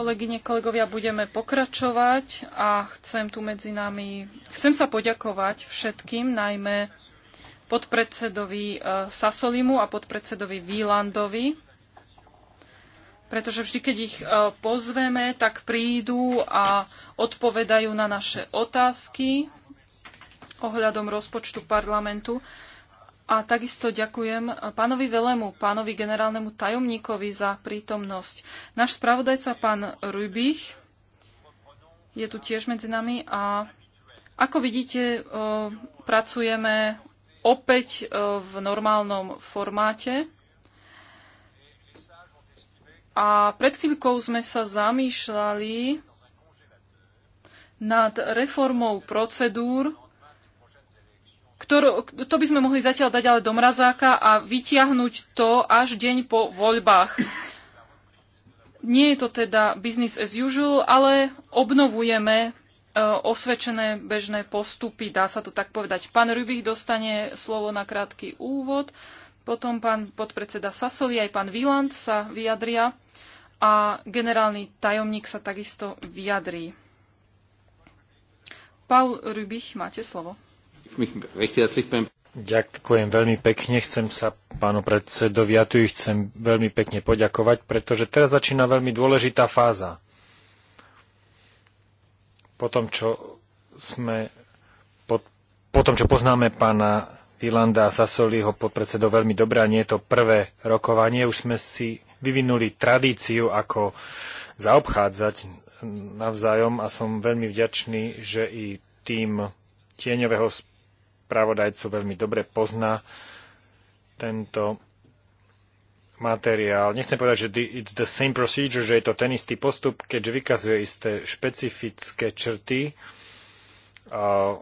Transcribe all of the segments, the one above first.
Kolegyne, kolegovia, budeme pokračovať a chcem tu medzi nami, chcem sa poďakovať všetkým, najmä podpredsedovi e, Sasolimu a podpredsedovi Výlandovi, pretože vždy, keď ich e, pozveme, tak prídu a odpovedajú na naše otázky ohľadom rozpočtu parlamentu. A takisto ďakujem pánovi Velemu, pánovi generálnemu tajomníkovi za prítomnosť. Náš spravodajca, pán Rubich, je tu tiež medzi nami a ako vidíte, eh, pracujeme opäť eh, v normálnom formáte. A pred chvíľkou sme sa zamýšľali nad reformou procedúr ktorú, to by sme mohli zatiaľ dať ale do mrazáka a vytiahnuť to až deň po voľbách. Nie je to teda business as usual, ale obnovujeme e, osvedčené bežné postupy, dá sa to tak povedať. Pán Rybich dostane slovo na krátky úvod, potom pán podpredseda Sasoli aj pán Wieland sa vyjadria a generálny tajomník sa takisto vyjadrí. Paul Rybich, máte slovo. Ďakujem veľmi pekne. Chcem sa pánu predsedovi ja tu chcem veľmi pekne poďakovať, pretože teraz začína veľmi dôležitá fáza. Po tom, čo sme po, po tom, čo poznáme pána Vilanda a Sasoliho podpredsedo veľmi dobré a nie je to prvé rokovanie. Už sme si vyvinuli tradíciu, ako zaobchádzať navzájom a som veľmi vďačný, že i tým tieňového spravodajcu veľmi dobre pozná tento materiál. Nechcem povedať, že it's the same procedure, že je to ten istý postup, keďže vykazuje isté špecifické črty a,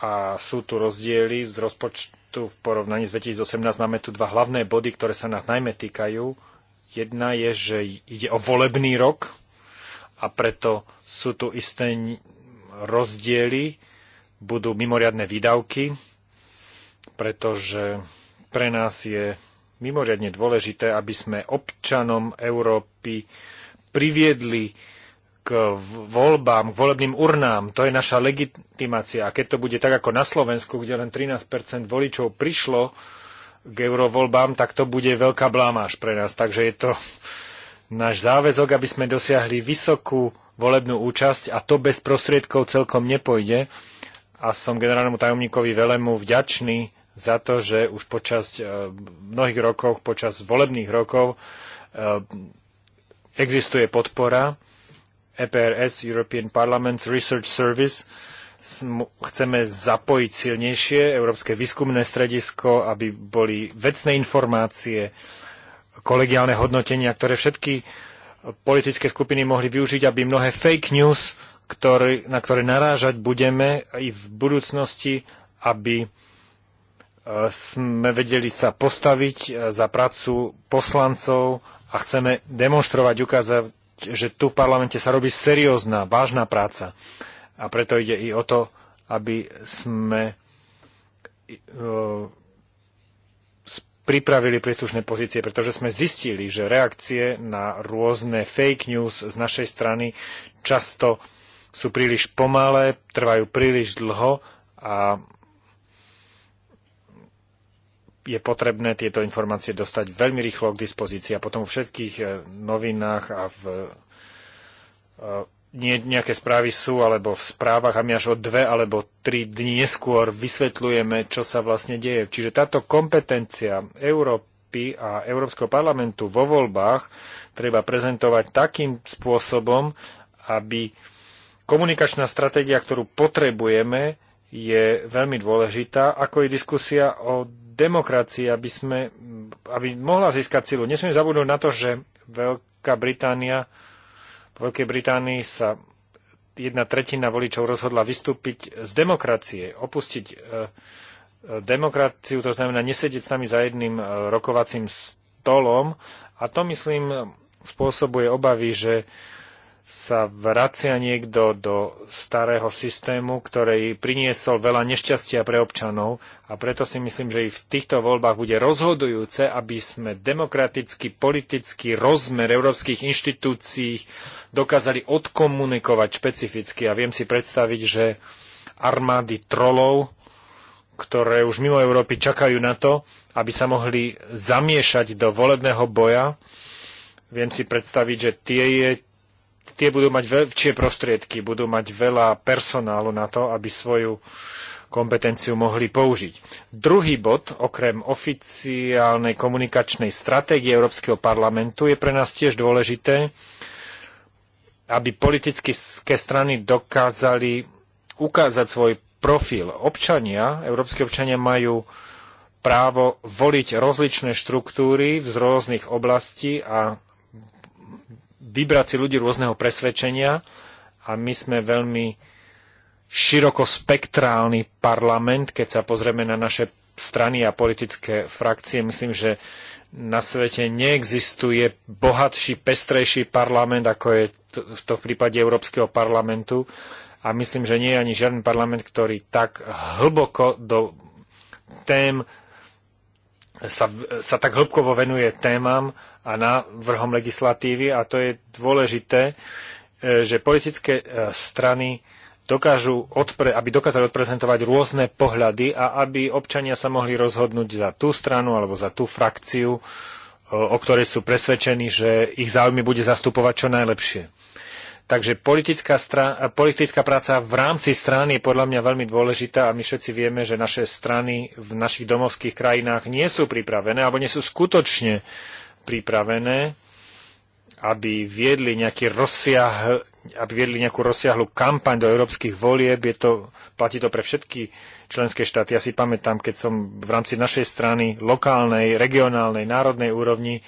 a sú tu rozdiely z rozpočtu v porovnaní s 2018. Máme tu dva hlavné body, ktoré sa nás najmä týkajú. Jedna je, že ide o volebný rok a preto sú tu isté rozdiely budú mimoriadne výdavky, pretože pre nás je mimoriadne dôležité, aby sme občanom Európy priviedli k voľbám, k volebným urnám. To je naša legitimácia. A keď to bude tak ako na Slovensku, kde len 13 voličov prišlo k eurovoľbám, tak to bude veľká blámáž pre nás. Takže je to náš záväzok, aby sme dosiahli vysokú volebnú účasť a to bez prostriedkov celkom nepojde a som generálnemu tajomníkovi Velemu vďačný za to, že už počas e, mnohých rokov, počas volebných rokov e, existuje podpora EPRS, European Parliament's Research Service. Chceme zapojiť silnejšie Európske výskumné stredisko, aby boli vecné informácie, kolegiálne hodnotenia, ktoré všetky politické skupiny mohli využiť, aby mnohé fake news ktorý, na ktoré narážať budeme aj v budúcnosti, aby e, sme vedeli sa postaviť e, za prácu poslancov a chceme demonstrovať, ukázať, že tu v parlamente sa robí seriózna, vážna práca. A preto ide i o to, aby sme e, pripravili príslušné pozície, pretože sme zistili, že reakcie na rôzne fake news z našej strany často sú príliš pomalé, trvajú príliš dlho a je potrebné tieto informácie dostať veľmi rýchlo k dispozícii a potom v všetkých eh, novinách a v eh, nie, nejaké správy sú alebo v správach a my až o dve alebo tri dni neskôr vysvetľujeme, čo sa vlastne deje. Čiže táto kompetencia Európy a Európskeho parlamentu vo voľbách treba prezentovať takým spôsobom, aby uh, Komunikačná stratégia, ktorú potrebujeme, je veľmi dôležitá, ako je diskusia o demokracii, aby, sme, aby mohla získať silu. Nesmieme zabudnúť na to, že Veľká Británia, v Veľkej Británii sa jedna tretina voličov rozhodla vystúpiť z demokracie, opustiť e, e demokraciu, to znamená nesedieť s nami za jedným e, rokovacím stolom. A to, myslím, e, spôsobuje obavy, že sa vracia niekto do starého systému, ktorý priniesol veľa nešťastia pre občanov a preto si myslím, že i v týchto voľbách bude rozhodujúce, aby sme demokratický, politický rozmer európskych inštitúcií dokázali odkomunikovať špecificky. A viem si predstaviť, že armády trolov, ktoré už mimo Európy čakajú na to, aby sa mohli zamiešať do volebného boja, viem si predstaviť, že tie je tie budú mať väčšie prostriedky, budú mať veľa personálu na to, aby svoju kompetenciu mohli použiť. Druhý bod, okrem oficiálnej komunikačnej stratégie Európskeho parlamentu, je pre nás tiež dôležité, aby politické strany dokázali ukázať svoj profil. Občania, európske občania majú právo voliť rozličné štruktúry z rôznych oblastí a vybrať si ľudí rôzneho presvedčenia a my sme veľmi širokospektrálny parlament, keď sa pozrieme na naše strany a politické frakcie. Myslím, že na svete neexistuje bohatší, pestrejší parlament, ako je to v prípade Európskeho parlamentu. A myslím, že nie je ani žiaden parlament, ktorý tak hlboko do tém sa, sa tak hĺbkovo venuje témam a návrhom legislatívy a to je dôležité, e, že politické e, strany dokážu odpre, aby dokázali odprezentovať rôzne pohľady a aby občania sa mohli rozhodnúť za tú stranu alebo za tú frakciu, o ktorej sú presvedčení, že ich záujmy bude zastupovať čo najlepšie. Takže politická, strá, politická práca v rámci strany je podľa mňa veľmi dôležitá a my všetci vieme, že naše strany v našich domovských krajinách nie sú pripravené alebo nie sú skutočne pripravené, aby viedli nejaký rozsiah, aby viedli nejakú rozsiahlu kampaň do európskych volieb. Je to, platí to pre všetky členské štáty. Ja si pamätám, keď som v rámci našej strany lokálnej, regionálnej, národnej úrovni,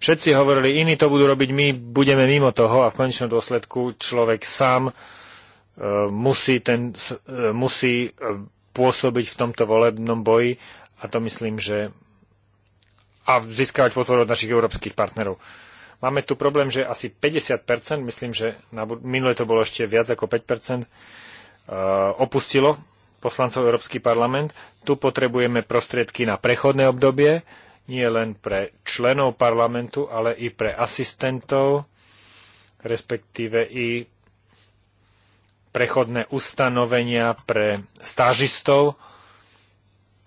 všetci hovorili, iní to budú robiť, my budeme mimo toho a v konečnom dôsledku človek sám e, musí, ten, e, musí e, pôsobiť v tomto volebnom boji a to myslím, že a získavať podporu od našich európskych partnerov. Máme tu problém, že asi 50%, myslím, že na, minule to bolo ešte viac ako 5%, uh, opustilo poslancov Európsky parlament. Tu potrebujeme prostriedky na prechodné obdobie, nie len pre členov parlamentu, ale i pre asistentov, respektíve i prechodné ustanovenia pre stážistov.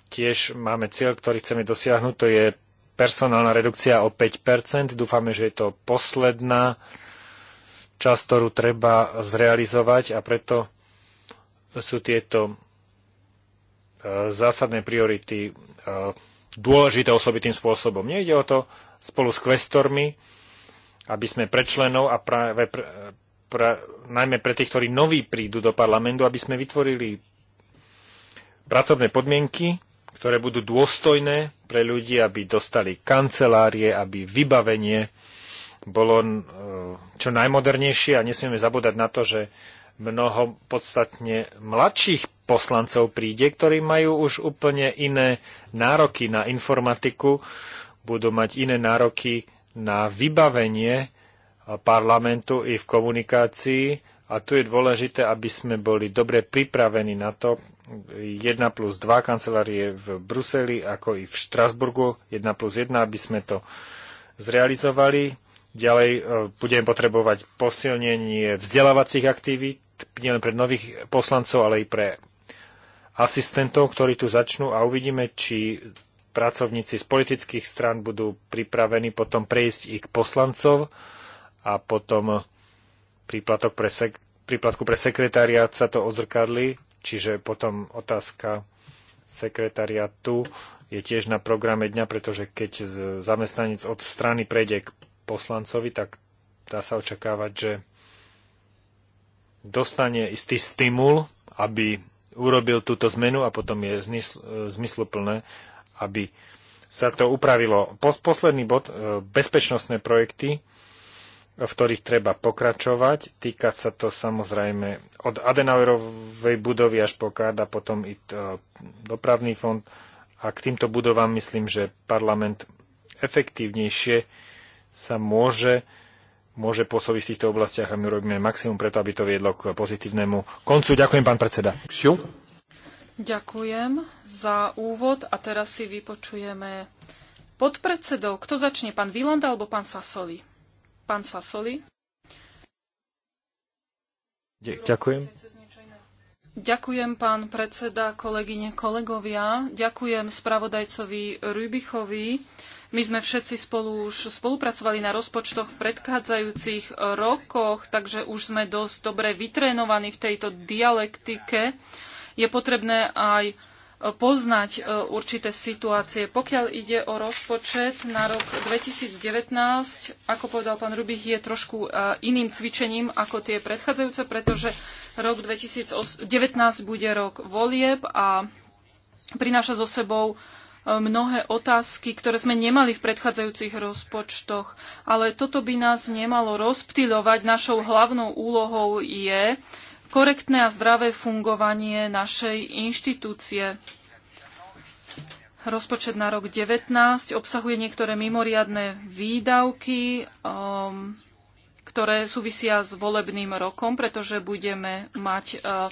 Tiež máme cieľ, ktorý chceme dosiahnuť, to je personálna redukcia o 5 Dúfame, že je to posledná časť, ktorú treba zrealizovať a preto sú tieto e, zásadné priority e, dôležité osobitým spôsobom. Nejde o to spolu s kvestormi, aby sme pre členov a práve pre, pre, najmä pre tých, ktorí noví prídu do parlamentu, aby sme vytvorili pracovné podmienky, ktoré budú dôstojné pre ľudí, aby dostali kancelárie, aby vybavenie bolo e, čo najmodernejšie a nesmieme zabúdať na to, že mnoho podstatne mladších poslancov príde, ktorí majú už úplne iné nároky na informatiku, budú mať iné nároky na vybavenie parlamentu i v komunikácii a tu je dôležité, aby sme boli dobre pripravení na to. 1 plus 2 kancelárie v Bruseli, ako i v Štrasburgu, 1 plus 1, aby sme to zrealizovali. Ďalej e, budeme potrebovať posilnenie vzdelávacích aktivít, nielen pre nových poslancov, ale i pre asistentov, ktorí tu začnú a uvidíme, či pracovníci z politických strán budú pripravení potom prejsť i k poslancov a potom príplatok pre sek- príplatku pre sekretariat sa to odzrkadli, čiže potom otázka sekretariatu je tiež na programe dňa, pretože keď zamestnanec od strany prejde k poslancovi, tak dá sa očakávať, že dostane istý stimul, aby urobil túto zmenu a potom je e, zmysluplné, aby sa to upravilo. Posledný bod, e, bezpečnostné projekty v ktorých treba pokračovať. Týka sa to samozrejme od Adenauerovej budovy až po Kárda, potom i dopravný fond. A k týmto budovám myslím, že parlament efektívnejšie sa môže, môže pôsobiť v týchto oblastiach a my robíme maximum preto, aby to viedlo k pozitívnemu koncu. Ďakujem, pán predseda. Ďakujem za úvod a teraz si vypočujeme podpredsedov. Kto začne, pán Výland alebo pán Sasoli? Pán Sasoli. Ďakujem. Ďakujem, pán predseda, kolegyne, kolegovia. Ďakujem spravodajcovi Rybichovi. My sme všetci spolu už spolupracovali na rozpočtoch v predchádzajúcich rokoch, takže už sme dosť dobre vytrénovaní v tejto dialektike. Je potrebné aj poznať e, určité situácie. Pokiaľ ide o rozpočet na rok 2019, ako povedal pán Rubich, je trošku e, iným cvičením ako tie predchádzajúce, pretože rok 2019 bude rok volieb a prináša so sebou e, mnohé otázky, ktoré sme nemali v predchádzajúcich rozpočtoch. Ale toto by nás nemalo rozptýľovať. Našou hlavnou úlohou je korektné a zdravé fungovanie našej inštitúcie. Rozpočet na rok 19 obsahuje niektoré mimoriadné výdavky, um, ktoré súvisia s volebným rokom, pretože budeme mať uh,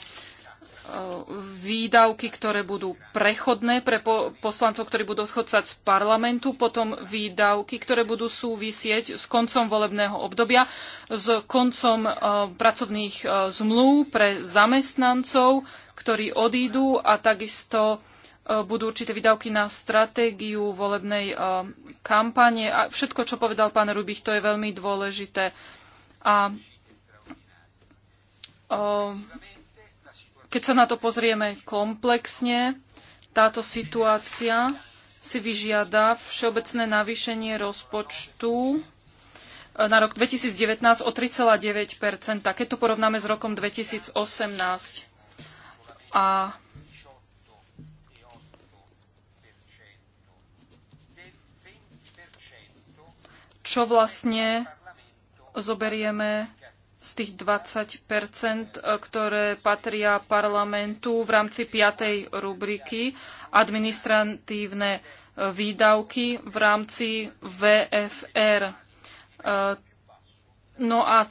výdavky, ktoré budú prechodné pre po poslancov, ktorí budú odchodcať z parlamentu, potom výdavky, ktoré budú súvisieť s koncom volebného obdobia, s koncom uh, pracovných uh, zmluv pre zamestnancov, ktorí odídu a takisto uh, budú určité výdavky na stratégiu volebnej kampane. A všetko, čo povedal pán Rubich, to je veľmi dôležité. A keď sa na to pozrieme komplexne, táto situácia si vyžiada všeobecné navýšenie rozpočtu eh, na rok 2019 o 3,9 keď to porovnáme s rokom 2018. A čo vlastne zoberieme z tých 20 e, ktoré patria parlamentu v rámci 5. rubriky administratívne e, výdavky v rámci VFR. E, no a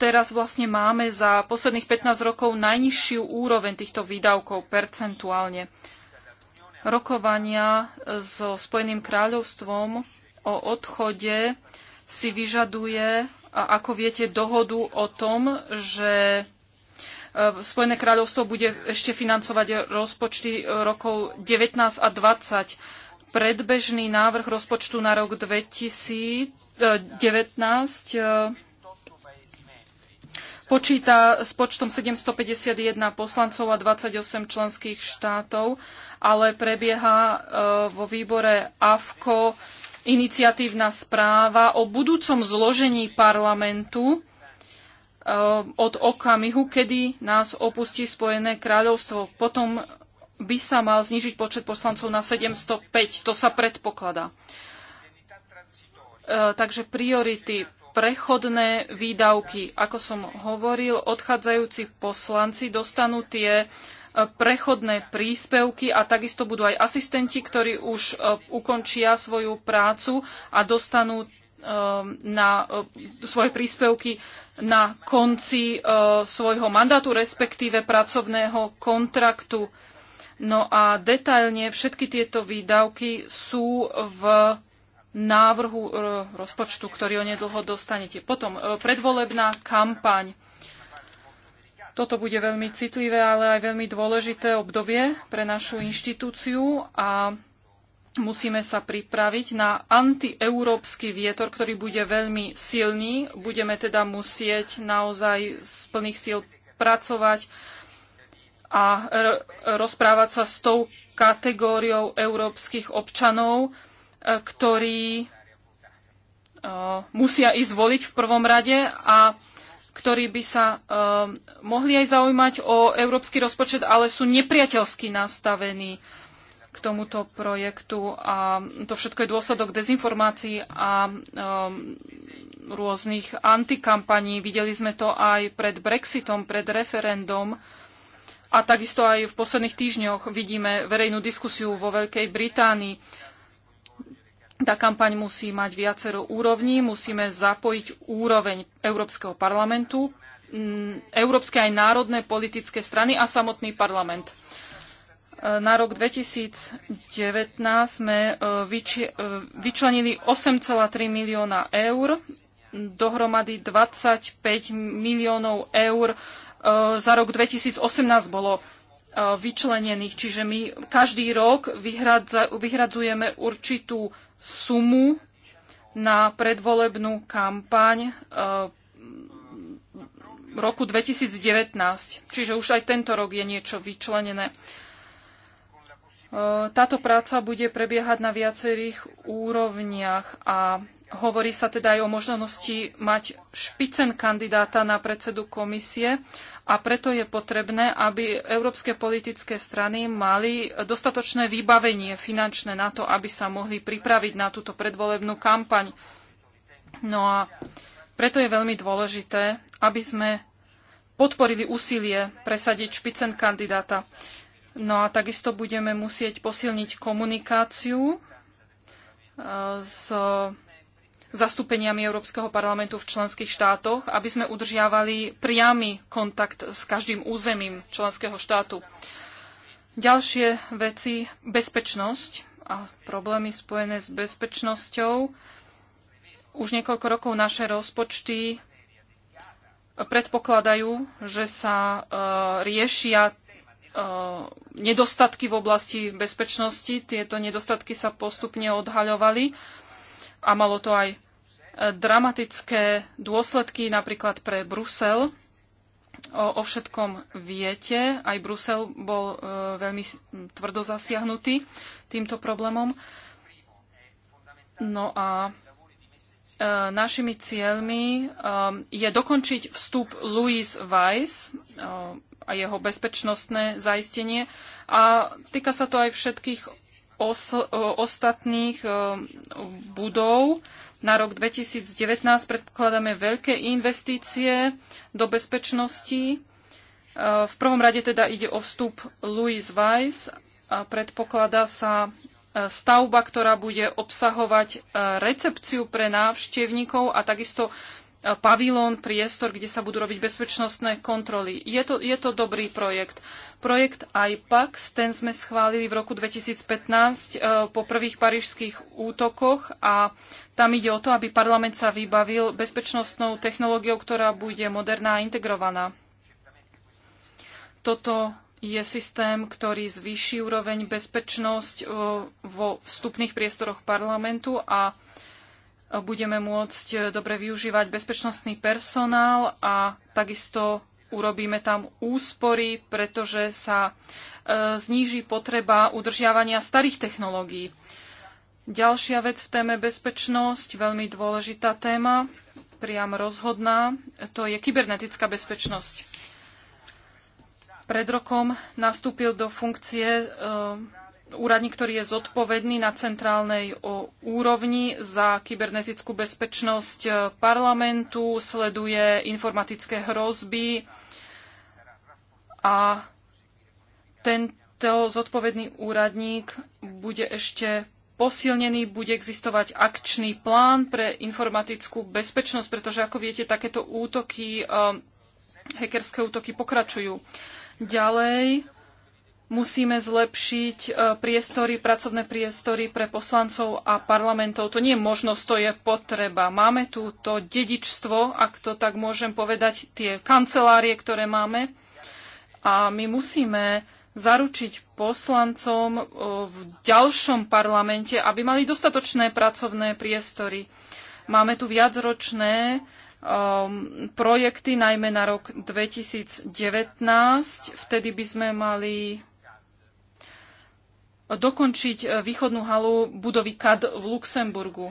teraz vlastne máme za posledných 15 rokov najnižšiu úroveň týchto výdavkov percentuálne. Rokovania so Spojeným kráľovstvom o odchode si vyžaduje ako viete, dohodu o tom, že e, Spojené kráľovstvo bude ešte financovať rozpočty e, rokov 19 a 20. Predbežný návrh rozpočtu na rok 2019 e, počíta s počtom 751 poslancov a 28 členských štátov, ale prebieha vo výbore AFKO iniciatívna správa o budúcom zložení parlamentu e, od okamihu, kedy nás opustí Spojené kráľovstvo. Potom by sa mal znižiť počet poslancov na 705. To sa predpokladá. E, takže priority prechodné výdavky. Ako som hovoril, odchádzajúci poslanci dostanú tie prechodné príspevky a takisto budú aj asistenti, ktorí už e, ukončia svoju prácu a dostanú e, na e, svoje príspevky na konci svojho mandátu, respektíve pracovného kontraktu. No a detailne všetky tieto výdavky sú v návrhu rozpočtu, ktorý onedlho dostanete. Potom predvolebná kampaň. Toto bude veľmi citlivé, ale aj veľmi dôležité obdobie pre našu inštitúciu a musíme sa pripraviť na antieurópsky vietor, ktorý bude veľmi silný. Budeme teda musieť naozaj z plných síl pracovať a rozprávať sa s tou kategóriou európskych občanov, e, ktorí e, musia ísť voliť v prvom rade a ktorí by sa um, mohli aj zaujímať o európsky rozpočet, ale sú nepriateľsky nastavení k tomuto projektu a to všetko je dôsledok dezinformácií a um, rôznych antikampaní. Videli sme to aj pred Brexitom, pred referendom, a takisto aj v posledných týždňoch vidíme verejnú diskusiu vo Veľkej Británii tá kampaň musí mať viacero úrovní. Musíme zapojiť úroveň Európskeho parlamentu, mm, európske aj národné politické strany a samotný parlament. E, na rok 2019 sme e, e, vyčlenili 8,3 milióna eur, dohromady 25 miliónov eur za rok 2018 bolo vyčlenených. Čiže my každý rok vyhradzujeme určitú sumu na predvolebnú kampaň e, roku 2019. Čiže už aj tento rok je niečo vyčlenené. E, táto práca bude prebiehať na viacerých úrovniach a hovorí sa teda aj o možnosti mať špicen kandidáta na predsedu komisie a preto je potrebné, aby európske politické strany mali dostatočné vybavenie finančné na to, aby sa mohli pripraviť na túto predvolebnú kampaň. No a preto je veľmi dôležité, aby sme podporili úsilie presadiť špicen kandidáta. No a takisto budeme musieť posilniť komunikáciu eh, s zastúpeniami Európskeho parlamentu v členských štátoch, aby sme udržiavali priamy kontakt s každým územím členského štátu. Ďalšie veci, bezpečnosť a problémy spojené s bezpečnosťou. Už niekoľko rokov naše rozpočty predpokladajú, že sa uh, riešia e, nedostatky v oblasti bezpečnosti. Tieto nedostatky sa postupne odhaľovali a malo to aj e, dramatické dôsledky napríklad pre Brusel. O, o všetkom viete. Aj Brusel bol e, veľmi tvrdo zasiahnutý týmto problémom. No a e, našimi cieľmi e, je dokončiť vstup Louis Weiss e, a jeho bezpečnostné zaistenie. A týka sa to aj všetkých os, e, ostatných e, budov. Na rok 2019 predpokladáme veľké investície do bezpečnosti. E, v prvom rade teda ide o vstup Louis Weiss a predpokladá sa stavba, ktorá bude obsahovať recepciu pre návštevníkov a takisto E, pavilón, priestor, kde sa budú robiť bezpečnostné kontroly. Je to, je to dobrý projekt. Projekt IPAX, ten sme schválili v roku 2015 e, po prvých parížských útokoch a tam ide o to, aby parlament sa vybavil bezpečnostnou technológiou, ktorá bude moderná a integrovaná. Toto je systém, ktorý zvýši úroveň bezpečnosť e, vo vstupných priestoroch parlamentu a e, budeme môcť e, dobre využívať bezpečnostný personál a takisto urobíme tam úspory, pretože sa e, zníži potreba udržiavania starých technológií. Ďalšia vec v téme bezpečnosť, veľmi dôležitá téma, priam rozhodná, to je kybernetická bezpečnosť. Pred rokom nastúpil do funkcie e, úradník, ktorý je zodpovedný na centrálnej úrovni za kybernetickú bezpečnosť e, parlamentu, sleduje informatické hrozby a tento zodpovedný úradník bude ešte posilnený, bude existovať akčný plán pre informatickú bezpečnosť, pretože ako viete, takéto útoky, e, hackerské útoky pokračujú. Ďalej, Musíme zlepšiť e, priestory, pracovné priestory pre poslancov a parlamentov. To nie je možnosť, to je potreba. Máme tu to dedičstvo, ak to tak môžem povedať, tie kancelárie, ktoré máme. A my musíme zaručiť poslancom e, v ďalšom parlamente, aby mali dostatočné pracovné priestory. Máme tu viacročné um, projekty, najmä na rok 2019. Vtedy by sme mali dokončiť e, východnú halu budovy KAD v Luxemburgu.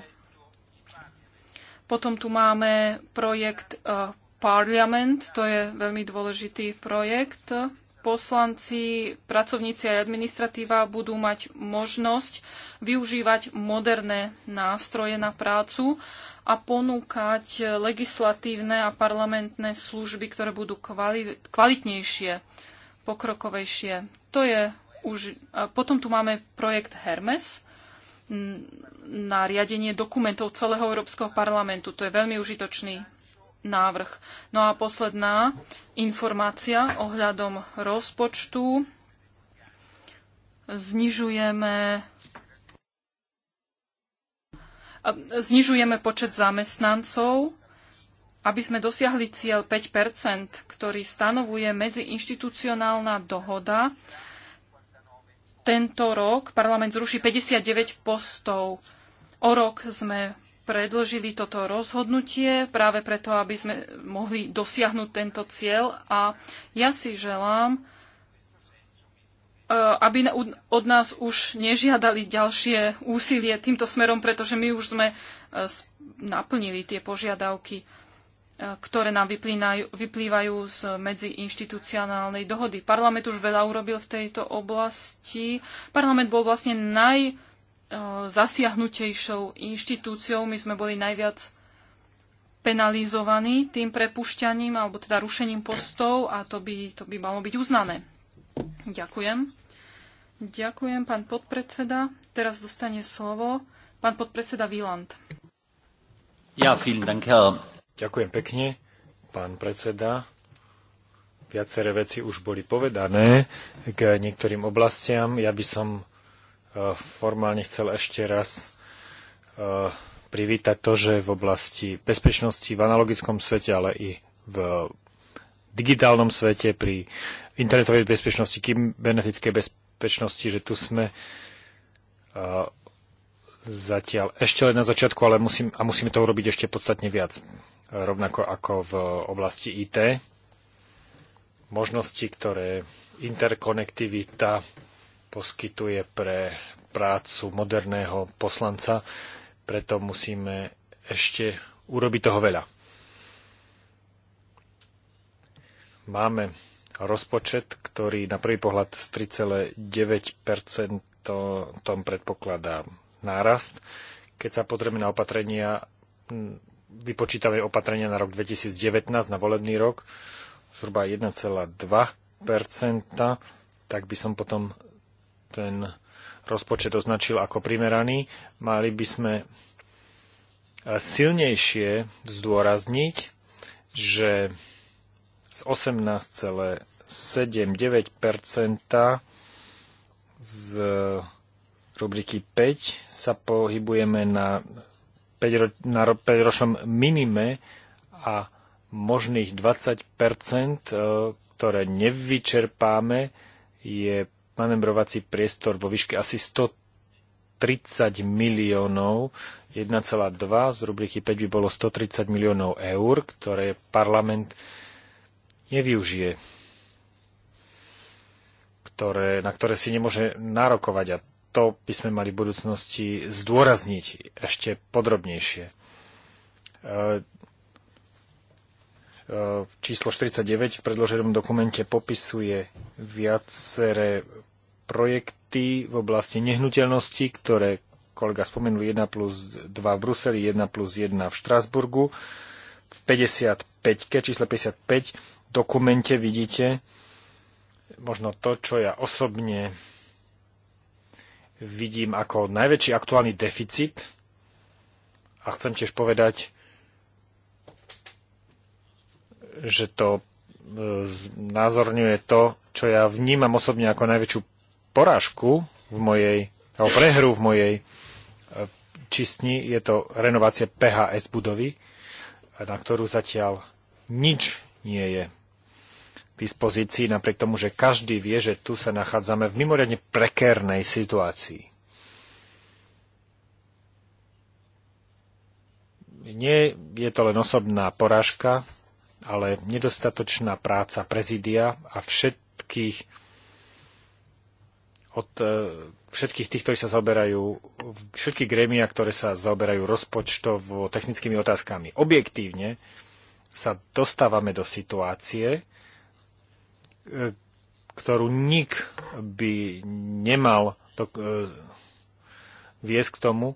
Potom tu máme projekt e, Parliament, to je veľmi dôležitý projekt. Poslanci, pracovníci a administratíva budú mať možnosť využívať moderné nástroje na prácu a ponúkať legislatívne a parlamentné služby, ktoré budú kvalitnejšie, pokrokovejšie. To je už, potom tu máme projekt Hermes na riadenie dokumentov celého Európskeho parlamentu. To je veľmi užitočný návrh. No a posledná informácia ohľadom rozpočtu. Znižujeme znižujeme počet zamestnancov, aby sme dosiahli cieľ 5 ktorý stanovuje medziinštitucionálna dohoda tento rok parlament zruší 59 postov. O rok sme predlžili toto rozhodnutie práve preto, aby sme mohli dosiahnuť tento cieľ a ja si želám, eh, aby od nás už nežiadali ďalšie úsilie týmto smerom, pretože my už sme eh, naplnili tie požiadavky ktoré nám vyplývajú z medziinštitucionálnej dohody. Parlament už veľa urobil v tejto oblasti. Parlament bol vlastne najzasiahnutejšou e, inštitúciou. My sme boli najviac penalizovaní tým prepušťaním alebo teda rušením postov a to by, to by malo byť uznané. Ďakujem. Ďakujem, pán podpredseda. Teraz dostane slovo pán podpredseda Wieland. Ja, vielen Dank, Herr Ďakujem pekne, pán predseda. Viaceré veci už boli povedané k niektorým oblastiam. Ja by som e, formálne chcel ešte raz e, privítať to, že v oblasti bezpečnosti v analogickom svete, ale i v digitálnom svete, pri internetovej bezpečnosti, kybernetickej bezpečnosti, že tu sme e, zatiaľ ešte len na začiatku, ale musím, a musíme to urobiť ešte podstatne viac rovnako ako v oblasti IT. Možnosti, ktoré interkonektivita poskytuje pre prácu moderného poslanca, preto musíme ešte urobiť toho veľa. Máme rozpočet, ktorý na prvý pohľad z 3,9% tom predpokladá nárast. Keď sa pozrieme na opatrenia vypočítame opatrenia na rok 2019, na volebný rok, zhruba 1,2%, tak by som potom ten rozpočet označil ako primeraný. Mali by sme eh, silnejšie zdôrazniť, že z 18,79% z rubriky 5 sa pohybujeme na na 5-ročnom minime a možných 20 e, ktoré nevyčerpáme, je manembrovací priestor vo výške asi 130 miliónov. 1,2 z rubriky 5 by bolo 130 miliónov eur, ktoré parlament nevyužije, ktoré, na ktoré si nemôže nárokovať. A to by sme mali v budúcnosti zdôrazniť ešte podrobnejšie. E, e, číslo 49 v predloženom dokumente popisuje viaceré projekty v oblasti nehnuteľnosti, ktoré kolega spomenul 1 plus 2 v Bruseli, 1 plus 1 v Štrásburgu. V 55, čísle 55 dokumente vidíte možno to, čo ja osobne vidím ako najväčší aktuálny deficit a chcem tiež povedať, že to e, názorňuje to, čo ja vnímam osobne ako najväčšiu porážku v mojej, alebo prehru v mojej e, čistni. Je to renovácia PHS budovy, na ktorú zatiaľ nič nie je dispozícii, napriek tomu, že každý vie, že tu sa nachádzame v mimoriadne prekérnej situácii. Nie je to len osobná porážka, ale nedostatočná práca prezidia a všetkých od e, všetkých tých, ktorí sa zaoberajú, všetky grémia, ktoré sa zaoberajú rozpočtovo technickými otázkami. Objektívne sa dostávame do situácie, ktorú nik by nemal to, e, viesť k tomu,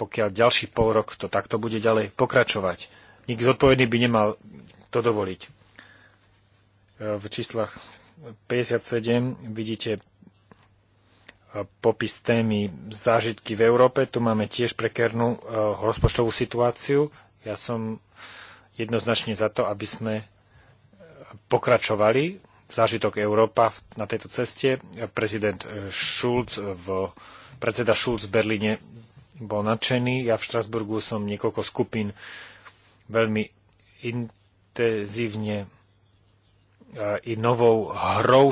pokiaľ ďalší pol rok to takto bude ďalej pokračovať. Nik zodpovedný by nemal to dovoliť. E, v číslach 57 vidíte e, popis témy zážitky v Európe. Tu máme tiež prekernú rozpočtovú situáciu. Ja som jednoznačne za to, aby sme pokračovali v zážitok Európa na tejto ceste. Prezident e, Schulz v, predseda Schulz v Berlíne bol nadšený. Ja v Štrasburgu som niekoľko skupín veľmi intenzívne e, i novou hrou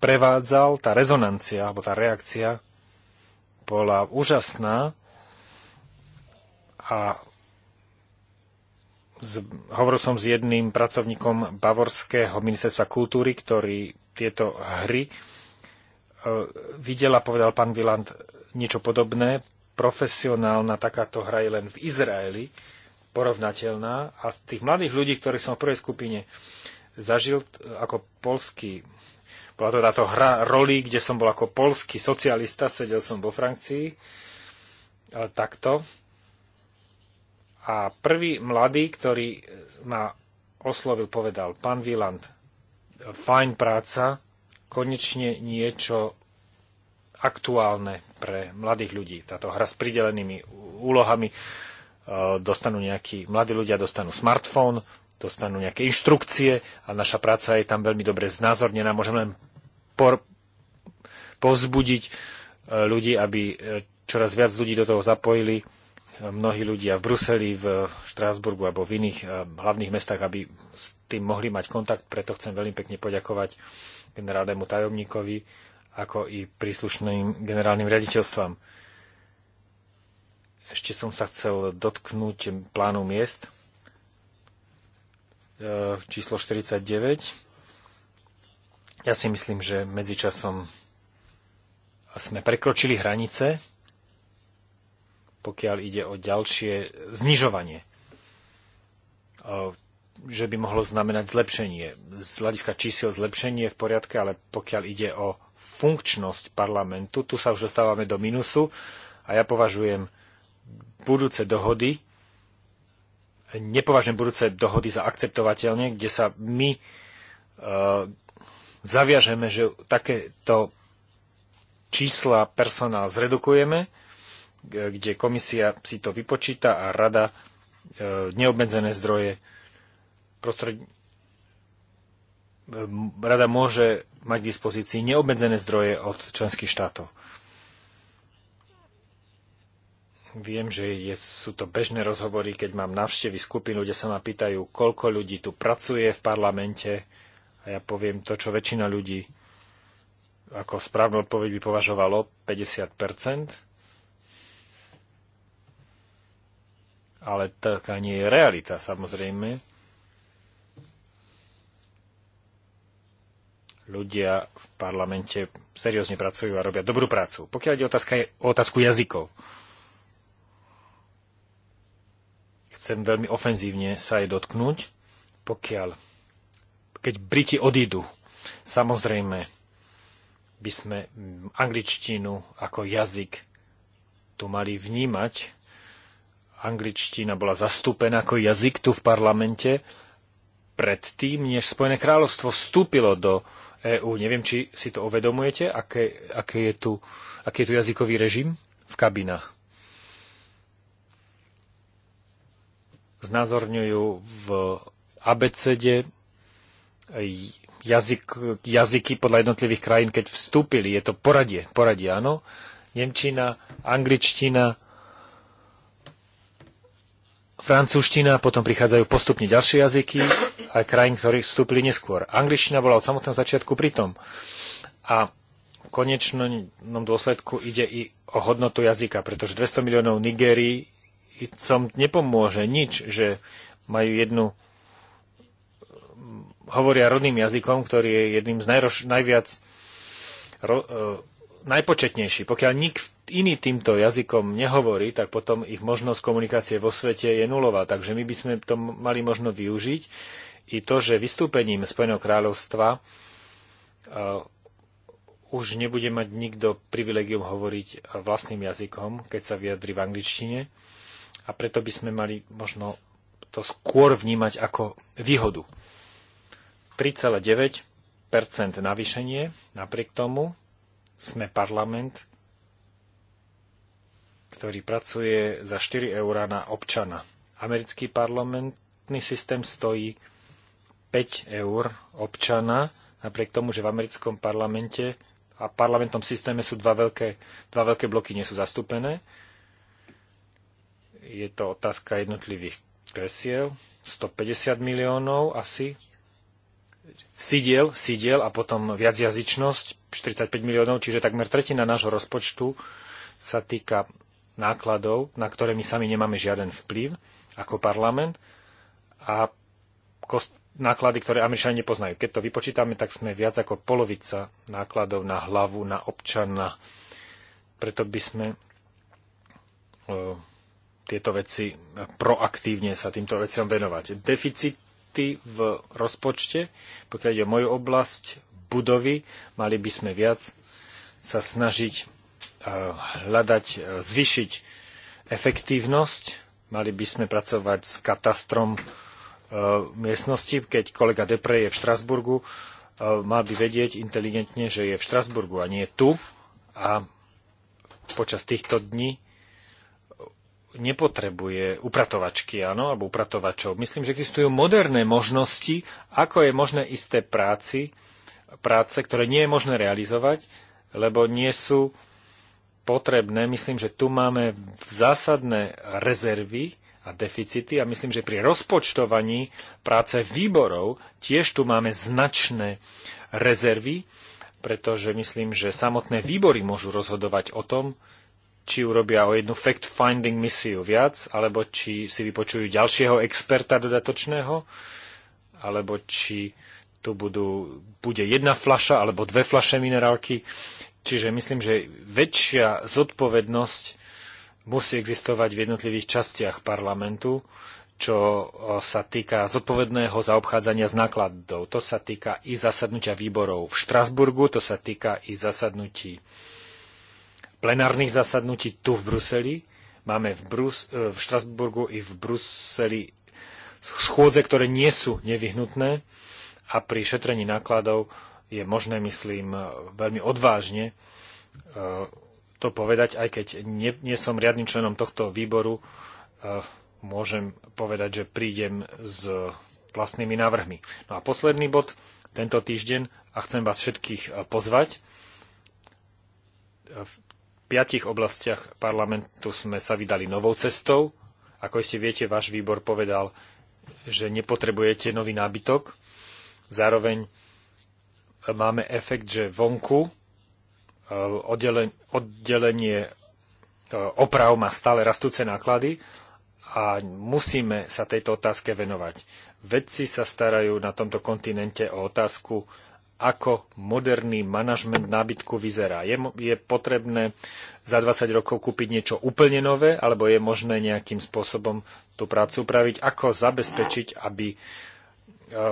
prevádzal. Tá rezonancia, alebo tá reakcia bola úžasná a z, hovoril som s jedným pracovníkom Bavorského ministerstva kultúry, ktorý tieto hry e, videl a povedal pán Viland niečo podobné. Profesionálna takáto hra je len v Izraeli porovnateľná a z tých mladých ľudí, ktorí som v prvej skupine zažil ako polský bola to táto hra roli, kde som bol ako polský socialista, sedel som vo Francii, ale takto a prvý mladý, ktorý ma oslovil, povedal, pán Wieland, fajn práca, konečne niečo aktuálne pre mladých ľudí. Táto hra s pridelenými úlohami e, dostanú nejakí, mladí ľudia dostanú smartfón, dostanú nejaké inštrukcie a naša práca je tam veľmi dobre znázornená. Môžem len por- povzbudiť e, ľudí, aby e, čoraz viac ľudí do toho zapojili mnohí ľudia v Bruseli, v Štrásburgu alebo v iných eh, hlavných mestách, aby s tým mohli mať kontakt. Preto chcem veľmi pekne poďakovať generálnemu tajomníkovi, ako i príslušným generálnym riaditeľstvám. Ešte som sa chcel dotknúť plánu miest eh, číslo 49. Ja si myslím, že medzičasom sme prekročili hranice pokiaľ ide o ďalšie znižovanie, e, že by mohlo znamenať zlepšenie. Z hľadiska čísiel zlepšenie je v poriadke, ale pokiaľ ide o funkčnosť parlamentu, tu sa už dostávame do minusu a ja považujem budúce dohody, nepovažujem budúce dohody za akceptovateľne, kde sa my e, zaviažeme, že takéto čísla personál zredukujeme, kde komisia si to vypočíta a rada e, neobmedzené zdroje prostred... E, rada môže mať k dispozícii neobmedzené zdroje od členských štátov. Viem, že je, sú to bežné rozhovory, keď mám navštevy skupinu, kde sa ma pýtajú, koľko ľudí tu pracuje v parlamente a ja poviem to, čo väčšina ľudí ako správnu odpoveď by považovalo 50 ale taká nie je realita, samozrejme. Ľudia v parlamente seriózne pracujú a robia dobrú prácu. Pokiaľ ide otázka je o otázku jazykov, chcem veľmi ofenzívne sa aj dotknúť, pokiaľ, keď Briti odídu, samozrejme by sme angličtinu ako jazyk tu mali vnímať angličtina bola zastúpená ako jazyk tu v parlamente predtým, než Spojené kráľovstvo vstúpilo do EÚ. Neviem, či si to uvedomujete, aké, aké je tu, aký je tu jazykový režim v kabinách. Znázorňujú v abecede jazyk, jazyky podľa jednotlivých krajín, keď vstúpili. Je to poradie, poradie, áno. Nemčina, angličtina, francúzština, potom prichádzajú postupne ďalšie jazyky aj krajín, ktorí vstúpili neskôr. Angličtina bola od samotného začiatku pritom. A v konečnom dôsledku ide i o hodnotu jazyka, pretože 200 miliónov som nepomôže nič, že majú jednu hovoria rodným jazykom, ktorý je jedným z najroš, najviac ro, e, najpočetnejší. Pokiaľ nik iný týmto jazykom nehovorí, tak potom ich možnosť komunikácie vo svete je nulová. Takže my by sme to mali možno využiť. I to, že vystúpením Spojeného kráľovstva uh, už nebude mať nikto privilegium hovoriť vlastným jazykom, keď sa vyjadri v angličtine. A preto by sme mali možno to skôr vnímať ako výhodu. 3,9% navýšenie napriek tomu sme parlament, ktorý pracuje za 4 eurá na občana. Americký parlamentný systém stojí 5 eur občana, napriek tomu, že v americkom parlamente a parlamentnom systéme sú dva veľké, dva veľké bloky, nie sú zastúpené. Je to otázka jednotlivých kresiel, 150 miliónov asi sidiel, sidiel a potom viacjazyčnosť 45 miliónov, čiže takmer tretina nášho rozpočtu sa týka nákladov, na ktoré my sami nemáme žiaden vplyv ako parlament a kost- náklady, ktoré Američania nepoznajú. Keď to vypočítame, tak sme viac ako polovica nákladov na hlavu, na občana. Preto by sme e, tieto veci proaktívne sa týmto veciam venovať. Deficit projekty v rozpočte. Pokiaľ ide o moju oblasť, budovy, mali by sme viac sa snažiť eh, hľadať, eh, zvyšiť efektívnosť. Mali by sme pracovať s katastrom eh, miestnosti, keď kolega Depre je v Štrasburgu, mal by vedieť inteligentne, že je v Štrasburgu a nie tu. A počas týchto dní nepotrebuje upratovačky, áno, alebo upratovačov. Myslím, že existujú moderné možnosti, ako je možné isté práci, práce, ktoré nie je možné realizovať, lebo nie sú potrebné. Myslím, že tu máme zásadné rezervy a deficity a myslím, že pri rozpočtovaní práce výborov tiež tu máme značné rezervy, pretože myslím, že samotné výbory môžu rozhodovať o tom, či urobia o jednu fact-finding misiu viac, alebo či si vypočujú ďalšieho experta dodatočného, alebo či tu budú, bude jedna flaša alebo dve flaše minerálky. Čiže myslím, že väčšia zodpovednosť musí existovať v jednotlivých častiach parlamentu, čo sa týka zodpovedného zaobchádzania s nákladov. To sa týka i zasadnutia výborov v Štrasburgu, to sa týka i zasadnutí plenárnych zasadnutí tu v Bruseli. Máme v, Brus- e, v Štrasburgu i v Bruseli schôdze, ktoré nie sú nevyhnutné a pri šetrení nákladov je možné, myslím, veľmi odvážne e, to povedať, aj keď nie, nie som riadnym členom tohto výboru, e, môžem povedať, že prídem s vlastnými návrhmi. No a posledný bod tento týždeň a chcem vás všetkých pozvať piatich oblastiach parlamentu sme sa vydali novou cestou. Ako ešte viete, váš výbor povedal, že nepotrebujete nový nábytok. Zároveň máme efekt, že vonku e, oddelenie e, oprav má stále rastúce náklady a musíme sa tejto otázke venovať. Vedci sa starajú na tomto kontinente o otázku ako moderný manažment nábytku vyzerá. Je, je potrebné za 20 rokov kúpiť niečo úplne nové, alebo je možné nejakým spôsobom tú prácu upraviť? Ako zabezpečiť, aby e,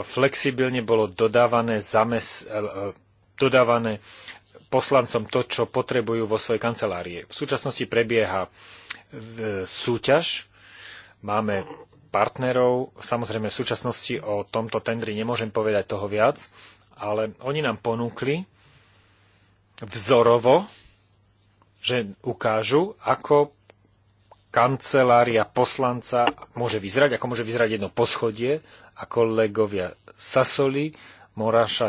flexibilne bolo dodávané, zames, e, dodávané poslancom to, čo potrebujú vo svojej kancelárii. V súčasnosti prebieha e, súťaž, máme partnerov. Samozrejme v súčasnosti o tomto tendri nemôžem povedať toho viac, ale oni nám ponúkli vzorovo, že ukážu, ako kancelária poslanca môže vyzerať, ako môže vyzerať jedno poschodie a kolegovia Sasoli,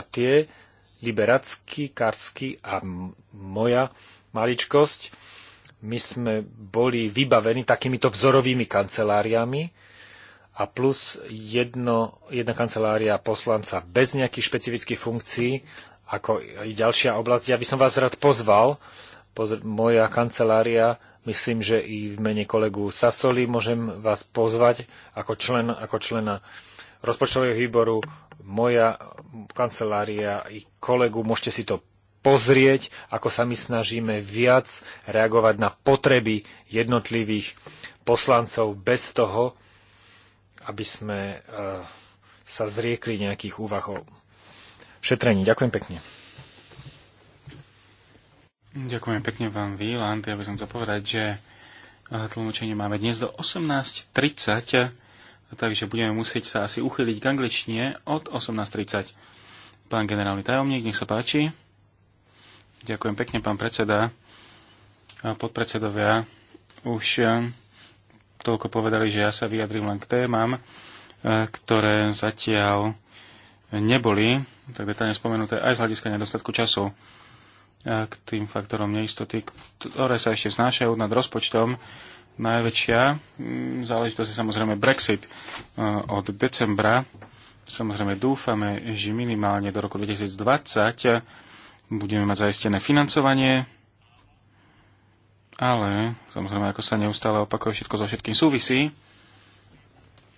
tie, Liberacký, Karsky a moja maličkosť. My sme boli vybavení takýmito vzorovými kanceláriami a plus jedno, jedna kancelária poslanca bez nejakých špecifických funkcií, ako i ďalšia oblasť. Ja by som vás rád pozval. Pozr- moja kancelária, myslím, že i v mene kolegu Sasoli môžem vás pozvať ako, člen, ako člena rozpočtového výboru. Moja kancelária i kolegu, môžete si to pozrieť, ako sa my snažíme viac reagovať na potreby jednotlivých poslancov bez toho, aby sme e, sa zriekli nejakých úvah o šetrení. Ďakujem pekne. Ďakujem pekne vám, Výland. Ja by som chcel povedať, že e, tlmočenie máme dnes do 18.30, takže budeme musieť sa asi uchyliť k angličtine od 18.30. Pán generálny tajomník, nech sa páči. Ďakujem pekne, pán predseda. Podpredsedovia už e, toľko povedali, že ja sa vyjadrím len k témam, e, ktoré zatiaľ neboli, tak detaľne spomenuté aj z hľadiska nedostatku času e, k tým faktorom neistoty, ktoré sa ešte znášajú nad rozpočtom. Najväčšia mm, záležitosť je samozrejme Brexit e, od decembra. Samozrejme dúfame, že minimálne do roku 2020 budeme mať zaistené financovanie ale, samozrejme, ako sa neustále opakuje, všetko so všetkým súvisí.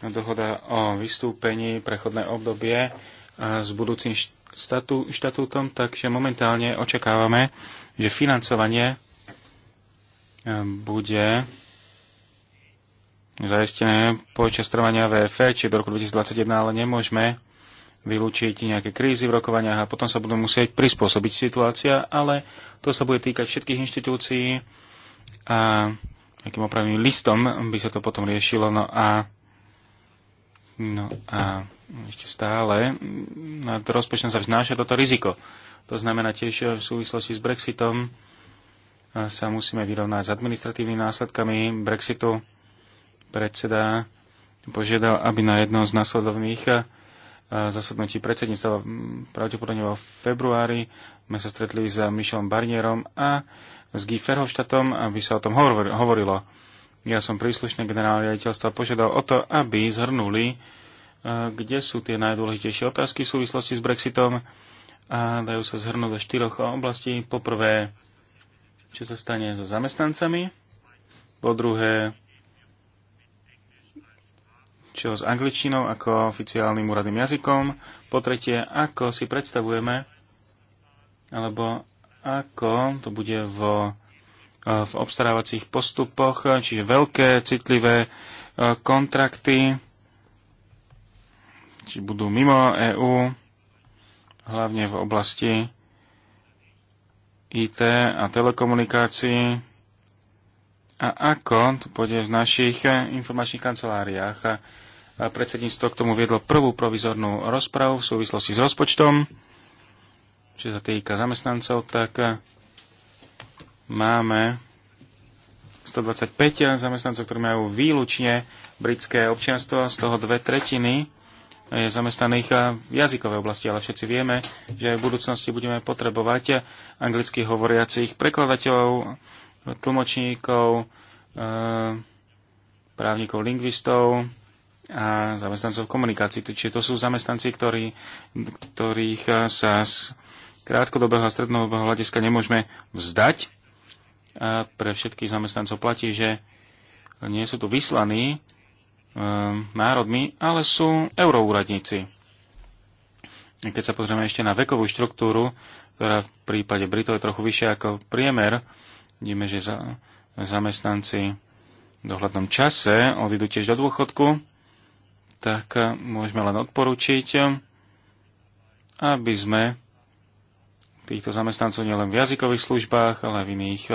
Dohoda o vystúpení, prechodné obdobie e, s budúcim štatú, štatútom, takže momentálne očakávame, že financovanie e, bude zaistené počas trvania VF, či do roku 2021, ale nemôžeme vylúčiť nejaké krízy v rokovaniach a potom sa budú musieť prispôsobiť situácia, ale to sa bude týkať všetkých inštitúcií, a nejakým opravným listom by sa to potom riešilo. No a, no a ešte stále nad rozpočtom sa vznáša toto riziko. To znamená tiež v súvislosti s Brexitom sa musíme vyrovnať s administratívnymi následkami Brexitu. Predseda požiadal, aby na jedno z následovných E, zasadnutí predsedníctva pravdepodobne vo februári sme sa stretli s Michelom Barnierom a s Guy Verhofstadtom, aby sa o tom hovorilo. Ja som príslušný generál riaditeľstva požiadal o to, aby zhrnuli, e, kde sú tie najdôležitejšie otázky v súvislosti s Brexitom a dajú sa zhrnúť do štyroch oblastí. Po prvé, čo sa stane so zamestnancami, po druhé, čo s angličtinou ako oficiálnym úradným jazykom, po tretie, ako si predstavujeme, alebo ako to bude v, v obstarávacích postupoch, čiže veľké, citlivé e, kontrakty, či budú mimo EÚ, hlavne v oblasti IT a telekomunikácií a ako to pôjde v našich informačných kanceláriách predsedníctvo k tomu viedlo prvú provizornú rozpravu v súvislosti s rozpočtom. Čo sa týka zamestnancov, tak eh, máme 125 zamestnancov, ktorí majú výlučne britské občianstvo, z toho dve tretiny je zamestnaných eh, v jazykovej oblasti, ale všetci vieme, že aj v budúcnosti budeme potrebovať anglicky hovoriacich prekladateľov, tlmočníkov, eh, právnikov, lingvistov, a zamestnancov komunikácií. Čiže to sú zamestnanci, ktorí, ktorých eh, sa z krátkodobého a strednodobého hľadiska nemôžeme vzdať. A pre všetkých zamestnancov platí, že nie sú tu vyslaní e, národmi, ale sú euroúradníci. Keď sa pozrieme ešte na vekovú štruktúru, ktorá v prípade Britov je trochu vyššia ako priemer, vidíme, že za, zamestnanci v dohľadnom čase odídu tiež do dôchodku tak môžeme len odporučiť, aby sme týchto zamestnancov nielen v jazykových službách, ale aj v iných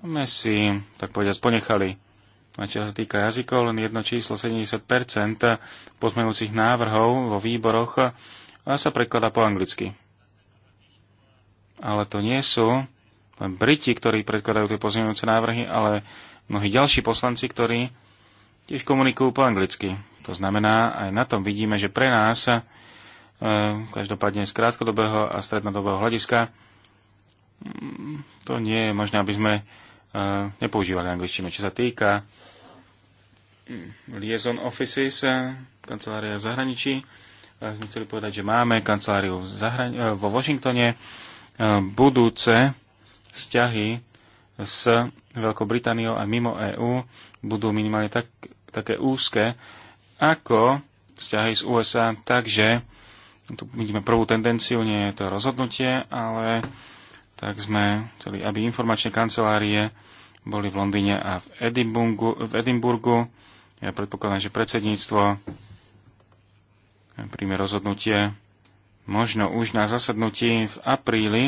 sme si, tak povediať, ponechali. A čo sa týka jazykov, len jedno číslo 70% pozmenujúcich návrhov vo výboroch a sa prekladá po anglicky. Ale to nie sú len Briti, ktorí predkladajú tie pozmeňujúce návrhy, ale mnohí ďalší poslanci, ktorí tiež komunikujú po anglicky. To znamená, aj na tom vidíme, že pre nás, e, každopádne z krátkodobého a strednodobého hľadiska, mm, to nie je možné, aby sme e, nepoužívali angličtinu. Čo sa týka mm, liaison offices, e, kancelária v zahraničí, sme chceli povedať, že máme kanceláriu vo Washingtone, budúce vzťahy s Veľkou Britániou a mimo EÚ budú minimálne tak, také úzke, ako vzťahy z USA, takže tu vidíme prvú tendenciu, nie je to rozhodnutie, ale tak sme chceli, aby informačné kancelárie boli v Londýne a v Edinburgu. V Edimburgu. Ja predpokladám, že predsedníctvo príjme rozhodnutie možno už na zasadnutí v apríli,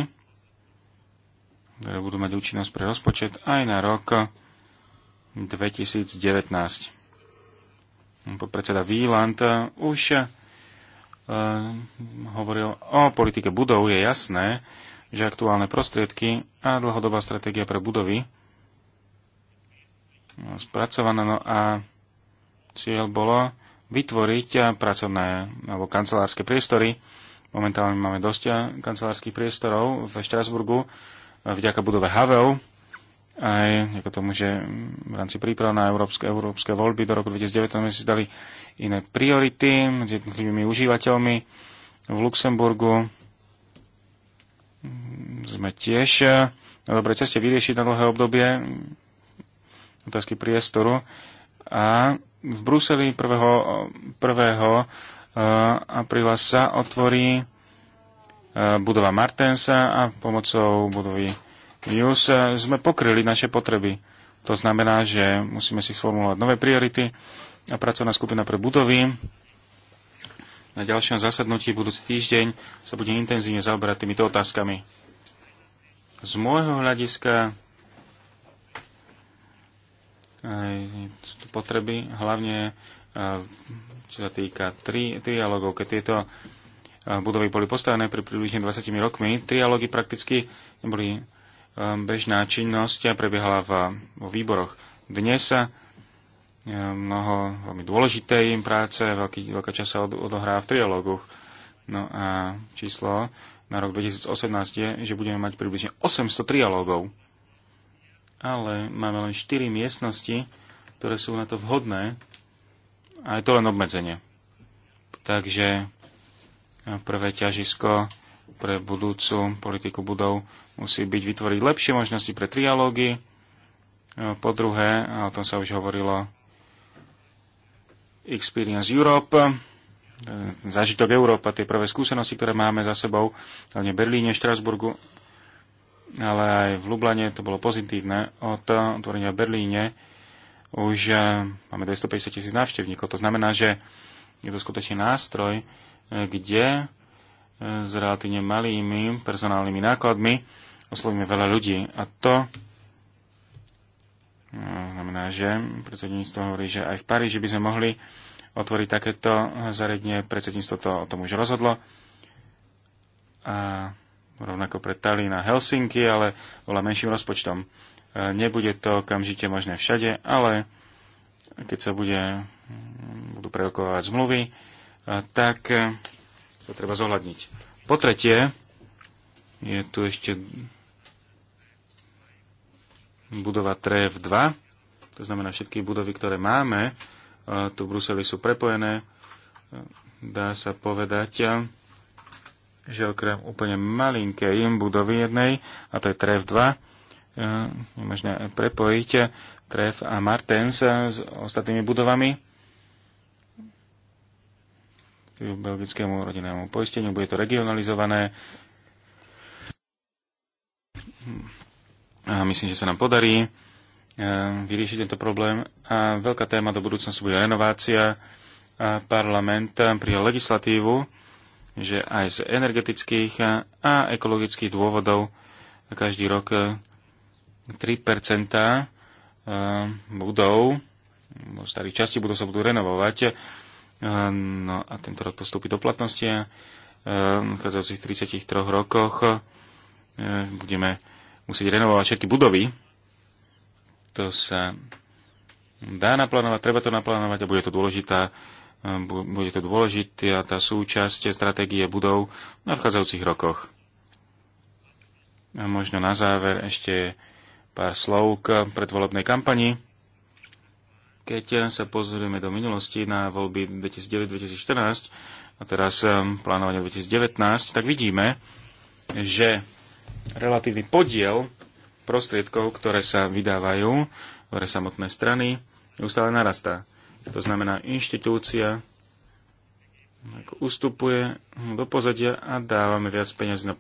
ktoré budú mať účinnosť pre rozpočet aj na rok 2019 podpredseda Wieland už eh, hovoril o politike budov, je jasné, že aktuálne prostriedky a dlhodobá stratégia pre budovy eh, spracovaná no a cieľ bolo vytvoriť eh, pracovné alebo kancelárske priestory. Momentálne máme dosť kancelárskych priestorov v Štrasburgu vďaka budove Havel aj ako tomu, že v rámci príprav na európske, európske voľby do roku 2019 sme si dali iné priority medzi jednotlivými užívateľmi. V Luxemburgu sme tiež na dobrej ceste vyriešiť na dlhé obdobie otázky priestoru. A v Bruseli 1. 1. Eh, apríla sa otvorí eh, budova Martensa a pomocou budovy už e, sme pokryli naše potreby. To znamená, že musíme si sformulovať nové priority a pracovná skupina pre budovy na ďalšom zasadnutí budúci týždeň sa bude intenzívne zaoberať týmito otázkami. Z môjho hľadiska e, sú tu potreby, hlavne e, čo sa týka tri, trialogov, keď tieto budovy boli postavené pri približne 20 rokmi, trialógy prakticky neboli Ehm, bežná činnosť prebiehala v, vo výboroch. Dnes sa ehm, mnoho veľmi dôležitej práce, veľký, veľká časť sa od, odohrá v trialógoch. No a číslo na rok 2018 je, že budeme mať približne 800 trialógov. Ale máme len 4 miestnosti, ktoré sú na to vhodné a je to len obmedzenie. Takže ehm, prvé ťažisko pre budúcu politiku budov musí byť vytvoriť lepšie možnosti pre trialógy. E, po druhé, a o tom sa už hovorilo, Experience Europe, e, zážitok Európa, tie prvé skúsenosti, ktoré máme za sebou, hlavne v Berlíne, Štrasburgu, ale aj v Lublane to bolo pozitívne. Od otvorenia v Berlíne už e, máme 250 tisíc návštevníkov. To znamená, že je to skutočne nástroj, kde s relatívne malými personálnymi nákladmi oslovíme veľa ľudí. A to no, znamená, že predsedníctvo hovorí, že aj v Paríži by sme mohli otvoriť takéto zariadenie. Predsedníctvo to o tom už rozhodlo. A rovnako pre Tallinn a Helsinky, ale bola menším rozpočtom. E, nebude to okamžite možné všade, ale keď sa bude, budú prerokovať zmluvy, e, tak e, to treba zohľadniť. Po tretie, je tu ešte budova TREF 2, to znamená všetky budovy, ktoré máme, e, tu v Bruseli sú prepojené. E, dá sa povedať, e, že okrem úplne malinkej budovy jednej, a to je TREF 2, je prepojíte TREF a Martens s ostatnými budovami belgickému rodinnému poisteniu. Bude to regionalizované. A myslím, že sa nám podarí e, vyriešiť tento problém. A veľká téma do budúcnosti bude renovácia. A parlament prijal legislatívu, že aj z energetických a ekologických dôvodov každý rok 3 e, budov, starých časti budov sa budú renovovať No a tento rok to vstúpi do platnosti a v vchádzajúcich 33 rokoch budeme musieť renovovať všetky budovy. To sa dá naplánovať, treba to naplánovať a bude to dôležitá bude to a tá súčasť stratégie budov v nadchádzajúcich rokoch. A možno na záver ešte pár slov k predvolebnej kampani. Keď sa pozrieme do minulosti na voľby 2009-2014 a teraz ehm, plánovanie 2019, tak vidíme, že relatívny podiel prostriedkov, ktoré sa vydávajú pre samotné strany, neustále narastá. To znamená, inštitúcia ustupuje do pozadia a dávame viac peniazy na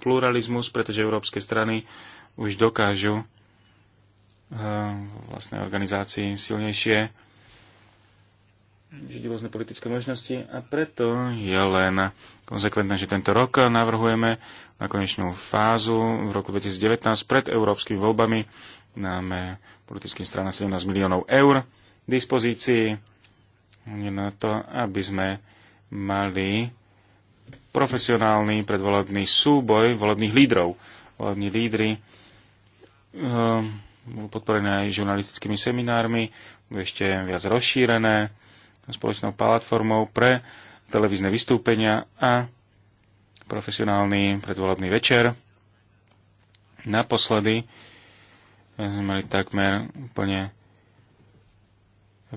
pluralizmus, pretože európske strany už dokážu vlastnej organizácii silnejšie že rôzne politické možnosti a preto je len konzekventné, že tento rok navrhujeme na konečnú fázu v roku 2019 pred európskymi voľbami máme politickým stranám 17 miliónov eur v dispozícii na to, aby sme mali profesionálny predvolebný súboj volebných lídrov. Volební lídry um, bolo podporené aj žurnalistickými seminármi, budú ešte viac rozšírené spoločnou platformou pre televízne vystúpenia a profesionálny predvolebný večer. Naposledy eh, sme mali takmer úplne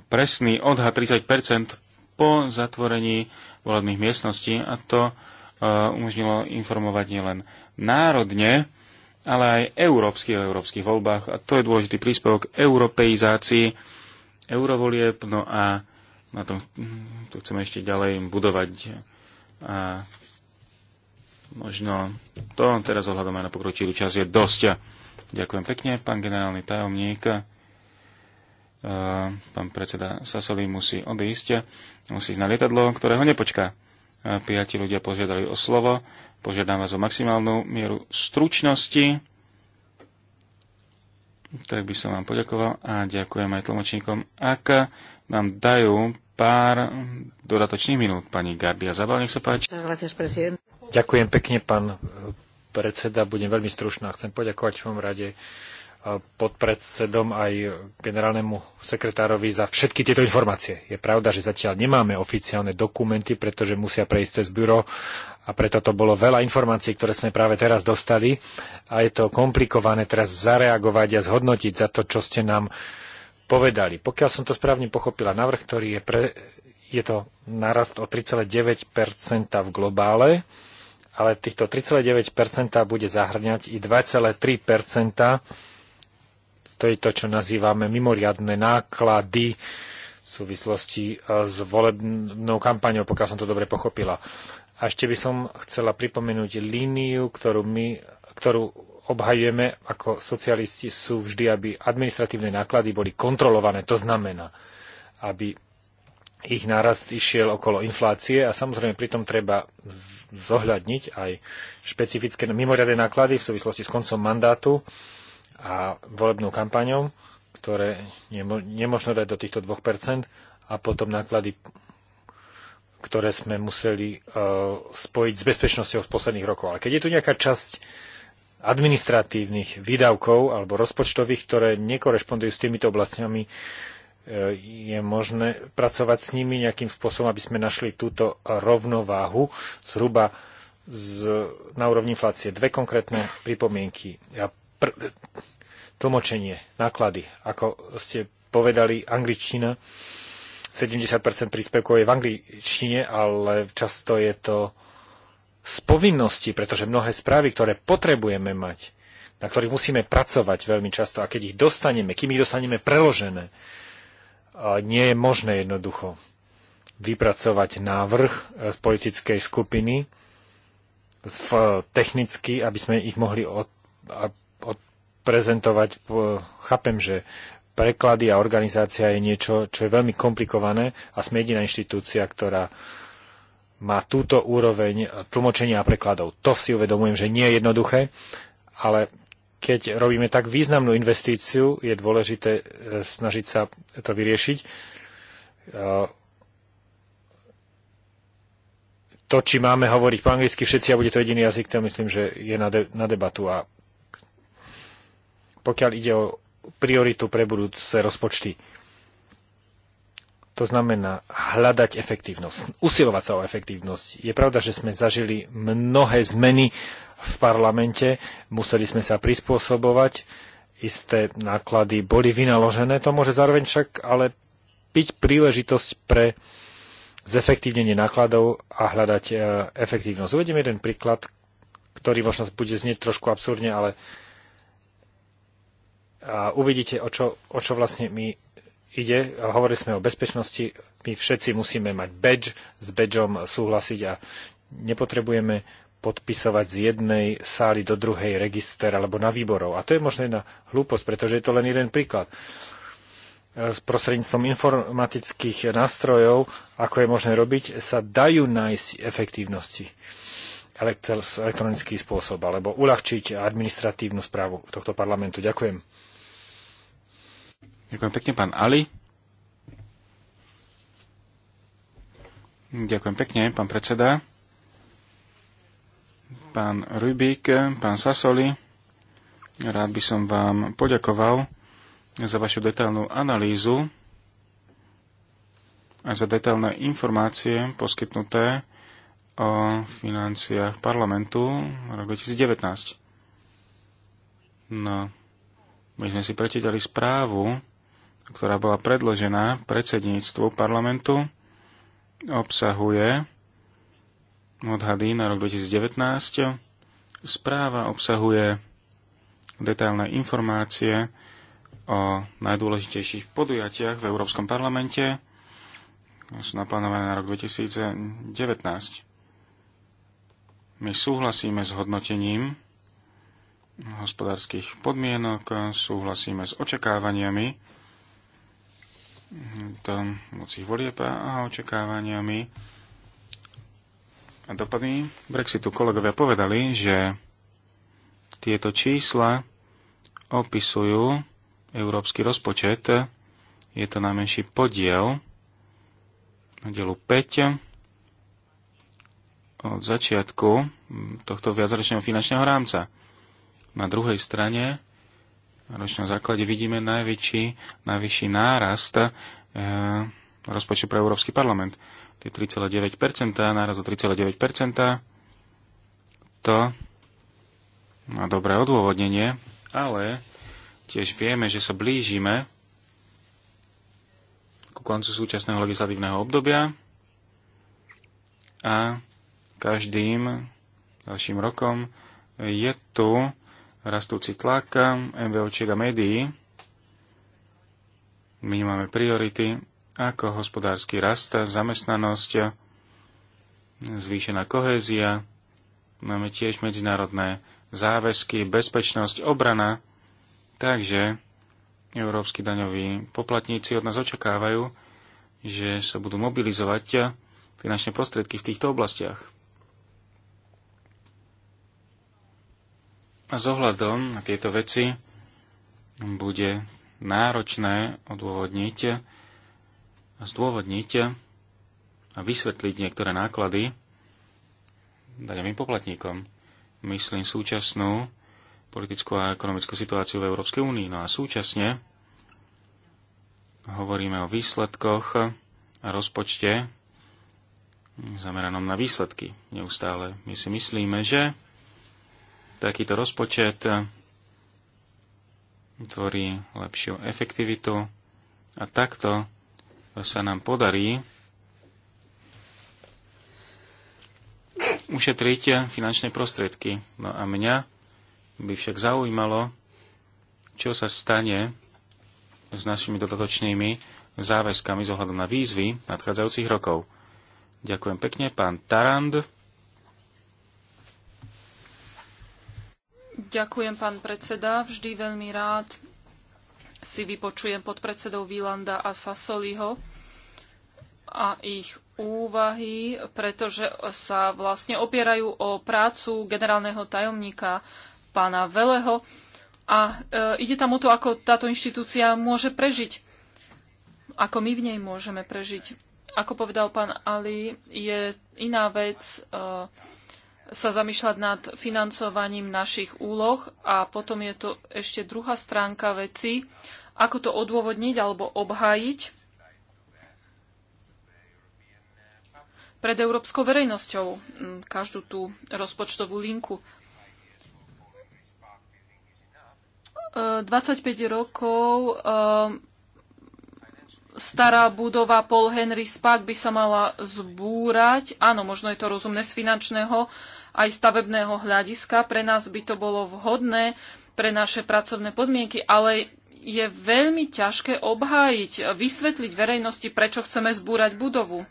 presný odhad 30 po zatvorení volebných miestností a to eh, umožnilo informovať nielen národne, ale aj európskych o európskych voľbách. A to je dôležitý príspevok k europeizácii eurovolieb. No a na tom to chceme ešte ďalej budovať. A možno to teraz ohľadom aj na pokročilý čas je dosť. Ďakujem pekne, pán generálny tajomník pán predseda Sasovi musí odísť, musí ísť na lietadlo, ktorého ho nepočká. Piati ľudia požiadali o slovo, Požiadam vás o maximálnu mieru stručnosti. Tak by som vám poďakoval a ďakujem aj tlmočníkom, ak nám dajú pár dodatočných minút. Pani Gabia Zabal, nech sa páči. Ďakujem pekne, pán predseda. Budem veľmi stručná. Chcem poďakovať v rade podpredsedom aj generálnemu sekretárovi za všetky tieto informácie. Je pravda, že zatiaľ nemáme oficiálne dokumenty, pretože musia prejsť cez byro a preto to bolo veľa informácií, ktoré sme práve teraz dostali a je to komplikované teraz zareagovať a zhodnotiť za to, čo ste nám povedali. Pokiaľ som to správne pochopila, návrh, ktorý je pre... Je to narast o 3,9% v globále, ale týchto 3,9% bude zahrňať i 2,3% to je to, čo nazývame mimoriadne náklady v súvislosti e, s volebnou kampaniou, pokiaľ som to dobre pochopila. A ešte by som chcela pripomenúť líniu, ktorú my, ktorú obhajujeme ako socialisti sú vždy, aby administratívne náklady boli kontrolované. To znamená, aby ich nárast išiel okolo inflácie a samozrejme pritom treba zohľadniť aj špecifické mimoriadne náklady v súvislosti s koncom mandátu a volebnou kampaňou, ktoré nemôžno nemožno dať do týchto 2% a potom náklady, ktoré sme museli e, spojiť s bezpečnosťou z posledných rokov. Ale keď je tu nejaká časť administratívnych výdavkov alebo rozpočtových, ktoré nekorešpondujú s týmito oblastiami, e, je možné pracovať s nimi nejakým spôsobom, aby sme našli túto rovnováhu zhruba z, na úrovni inflácie. Dve konkrétne pripomienky. Ja pr- tlmočenie, náklady. Ako ste povedali, angličtina, 70% príspevkov je v angličtine, ale často je to z povinnosti, pretože mnohé správy, ktoré potrebujeme mať, na ktorých musíme pracovať veľmi často a keď ich dostaneme, kým ich dostaneme preložené, nie je možné jednoducho vypracovať návrh e, z politickej skupiny v e, technicky, aby sme ich mohli od, prezentovať. Chápem, že preklady a organizácia je niečo, čo je veľmi komplikované a sme jediná inštitúcia, ktorá má túto úroveň tlmočenia a prekladov. To si uvedomujem, že nie je jednoduché, ale keď robíme tak významnú investíciu, je dôležité e, snažiť sa to vyriešiť. E, to, či máme hovoriť po anglicky všetci a bude to jediný jazyk, to myslím, že je na, de- na debatu. A pokiaľ ide o prioritu pre budúce rozpočty. To znamená hľadať efektívnosť, usilovať sa o efektívnosť. Je pravda, že sme zažili mnohé zmeny v parlamente, museli sme sa prispôsobovať, isté náklady boli vynaložené, to môže zároveň však ale byť príležitosť pre zefektívnenie nákladov a hľadať e, efektívnosť. Uvediem jeden príklad, ktorý možno bude znieť trošku absurdne, ale a uvidíte, o čo, o čo vlastne mi ide. Hovorili sme o bezpečnosti, my všetci musíme mať badge, s badgeom súhlasiť a nepotrebujeme podpisovať z jednej sály do druhej register alebo na výborov. A to je možno jedna hlúposť, pretože je to len jeden príklad. E, s prostredníctvom informatických nástrojov, ako je možné robiť, sa dajú nájsť efektívnosti elektronický spôsob alebo uľahčiť administratívnu správu tohto parlamentu. Ďakujem. Ďakujem pekne, pán Ali. Ďakujem pekne, pán predseda. Pán Rubik, pán Sasoli, rád by som vám poďakoval za vašu detailnú analýzu a za detailné informácie poskytnuté o financiách parlamentu v roku 2019. No, my sme si prečítali správu ktorá bola predložená predsedníctvu parlamentu, obsahuje odhady na rok 2019. Správa obsahuje detailné informácie o najdôležitejších podujatiach v Európskom parlamente. Sú naplánované na rok 2019. My súhlasíme s hodnotením hospodárskych podmienok, súhlasíme s očakávaniami, do budúcich volieb a očakávaniami a dopadmi Brexitu. Kolegovia povedali, že tieto čísla opisujú európsky rozpočet. Je to najmenší podiel, na dielu 5 od začiatku tohto viacročného finančného rámca. Na druhej strane na ročnom základe vidíme najväčší, najvyšší nárast e, rozpočtu pre Európsky parlament. Tie 3,9%, náraz o 3,9%, to má dobré odôvodnenie, ale tiež vieme, že sa blížime ku koncu súčasného legislatívneho obdobia a každým ďalším rokom je tu rastúci tlak MVOčiek a médií. My máme priority ako hospodársky rast, zamestnanosť, zvýšená kohézia, máme tiež medzinárodné záväzky, bezpečnosť, obrana, takže európsky daňoví poplatníci od nás očakávajú, že sa budú mobilizovať finančné prostriedky v týchto oblastiach. A s ohľadom na tieto veci bude náročné odôvodniť, zdôvodniť a vysvetliť niektoré náklady daňovým poplatníkom. Myslím súčasnú politickú a ekonomickú situáciu v Európskej únii. No a súčasne hovoríme o výsledkoch a rozpočte zameranom na výsledky. Neustále my si myslíme, že Takýto rozpočet tvorí lepšiu efektivitu a takto sa nám podarí ušetriť finančné prostriedky. No a mňa by však zaujímalo, čo sa stane s našimi dodatočnými záväzkami z ohľadom na výzvy nadchádzajúcich rokov. Ďakujem pekne, pán Tarand. Ďakujem, pán predseda. Vždy veľmi rád si vypočujem podpredsedov Výlanda a Sasoliho a ich úvahy, pretože sa vlastne opierajú o prácu generálneho tajomníka pána Veleho a e, ide tam o to, ako táto inštitúcia môže prežiť, ako my v nej môžeme prežiť. Ako povedal pán Ali, je iná vec e, sa zamýšľať nad financovaním našich úloh a potom je to ešte druhá stránka veci, ako to odôvodniť alebo obhájiť pred európskou verejnosťou každú tú rozpočtovú linku. 25 e, rokov e, stará budova Paul Henry Spak by sa mala zbúrať. Áno, možno je to rozumné z finančného aj stavebného hľadiska. Pre nás by to bolo vhodné pre naše pracovné podmienky, ale je veľmi ťažké obhájiť, vysvetliť verejnosti, prečo chceme zbúrať budovu.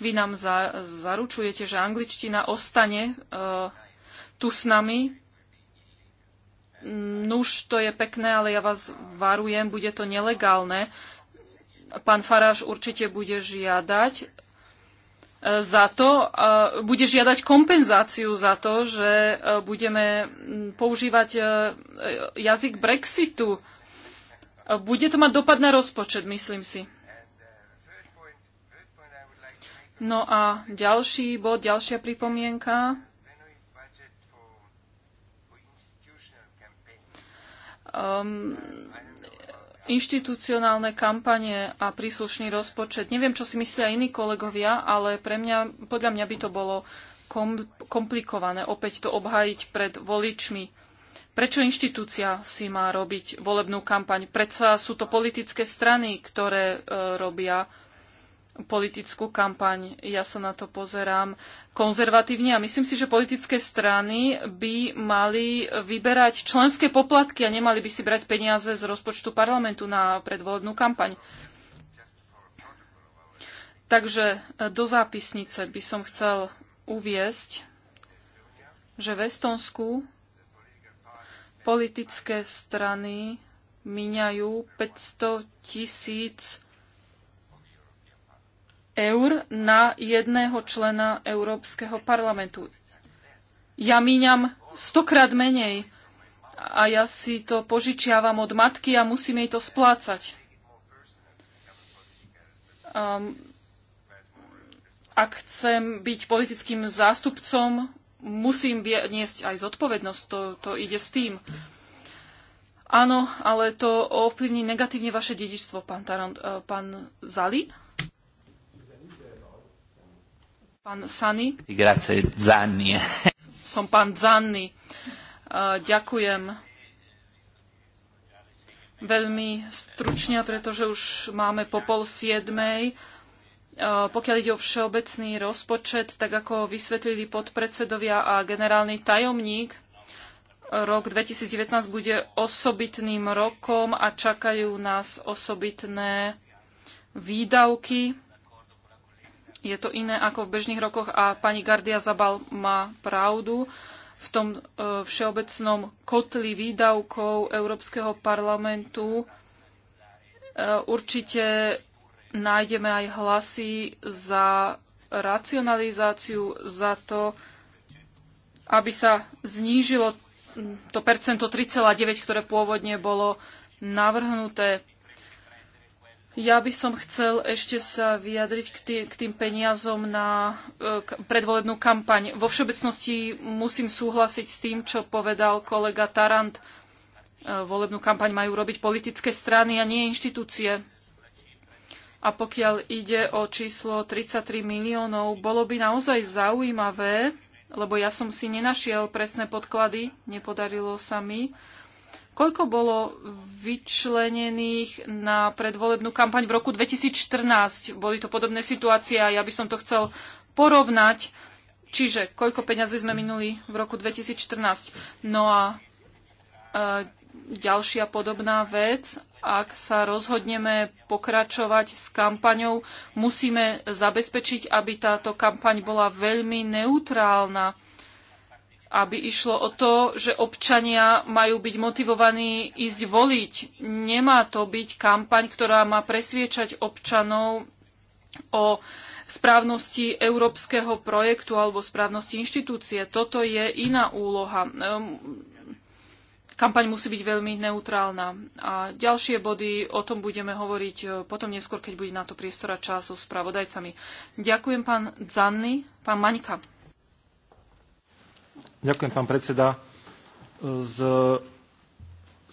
Vy nám za, zaručujete, že angličtina ostane e, tu s nami, Nuž, no to je pekné, ale ja vás varujem, bude to nelegálne. Pán Faráš určite bude žiadať e, za to, e, bude žiadať kompenzáciu za to, že e, budeme používať jazyk Brexitu. Bude to mať dopad na rozpočet, myslím si. No a ďalší bod, ďalšia pripomienka. um, inštitucionálne kampanie a príslušný rozpočet. Neviem, čo si myslia iní kolegovia, ale pre mňa, podľa mňa by to bolo kom, komplikované opäť to obhájiť pred voličmi. Prečo inštitúcia si má robiť volebnú kampaň? Predsa sú to politické strany, ktoré e, robia politickú kampaň. Ja sa na to pozerám konzervatívne a myslím si, že politické strany by mali vyberať členské poplatky a nemali by si brať peniaze z rozpočtu parlamentu na predvolebnú kampaň. Takže e, do zápisnice by som chcel uviesť, že v Estonsku politické strany míňajú 500 tisíc eur na jedného člena Európskeho parlamentu. Ja míňam stokrát menej a ja si to požičiavam od matky a musím jej to splácať. Um, ak chcem byť politickým zástupcom, musím niesť aj zodpovednosť, to, to ide s tým. Áno, ale to ovplyvní negatívne vaše dedičstvo, pán, Tarant, eh, pán Zali. Pán Sani. Grazie, Zanni. Som pán Zanni. E, ďakujem veľmi stručne, pretože už máme po pol siedmej. E, pokiaľ ide o všeobecný rozpočet, tak ako vysvetlili podpredsedovia a generálny tajomník, rok 2019 bude osobitným rokom a čakajú nás osobitné výdavky je to iné ako v bežných rokoch a pani Gardia Zabal má pravdu v tom e, všeobecnom kotli výdavkov Európskeho parlamentu. E, určite nájdeme aj hlasy za racionalizáciu, za to, aby sa znížilo to percento 3,9, ktoré pôvodne bolo navrhnuté ja by som chcel ešte sa vyjadriť k, tý, k tým peniazom na e, predvolebnú kampaň. Vo všeobecnosti musím súhlasiť s tým, čo povedal kolega Tarant. E, volebnú kampaň majú robiť politické strany a nie inštitúcie. A pokiaľ ide o číslo 33 miliónov, bolo by naozaj zaujímavé, lebo ja som si nenašiel presné podklady, nepodarilo sa mi, Koľko bolo vyčlenených na predvolebnú kampaň v roku 2014? Boli to podobné situácie a ja by som to chcel porovnať. Čiže koľko peňazí sme minuli v roku 2014? No a e, ďalšia podobná vec, ak sa rozhodneme pokračovať s kampaňou, musíme zabezpečiť, aby táto kampaň bola veľmi neutrálna aby išlo o to, že občania majú byť motivovaní ísť voliť. Nemá to byť kampaň, ktorá má presviečať občanov o správnosti európskeho projektu alebo správnosti inštitúcie. Toto je iná úloha. Ehm, kampaň musí byť veľmi neutrálna. A ďalšie body, o tom budeme hovoriť e, potom neskôr, keď bude na to priestora času s pravodajcami. Ďakujem pán Zanny, pán Maňka. Ďakujem, pán predseda. Z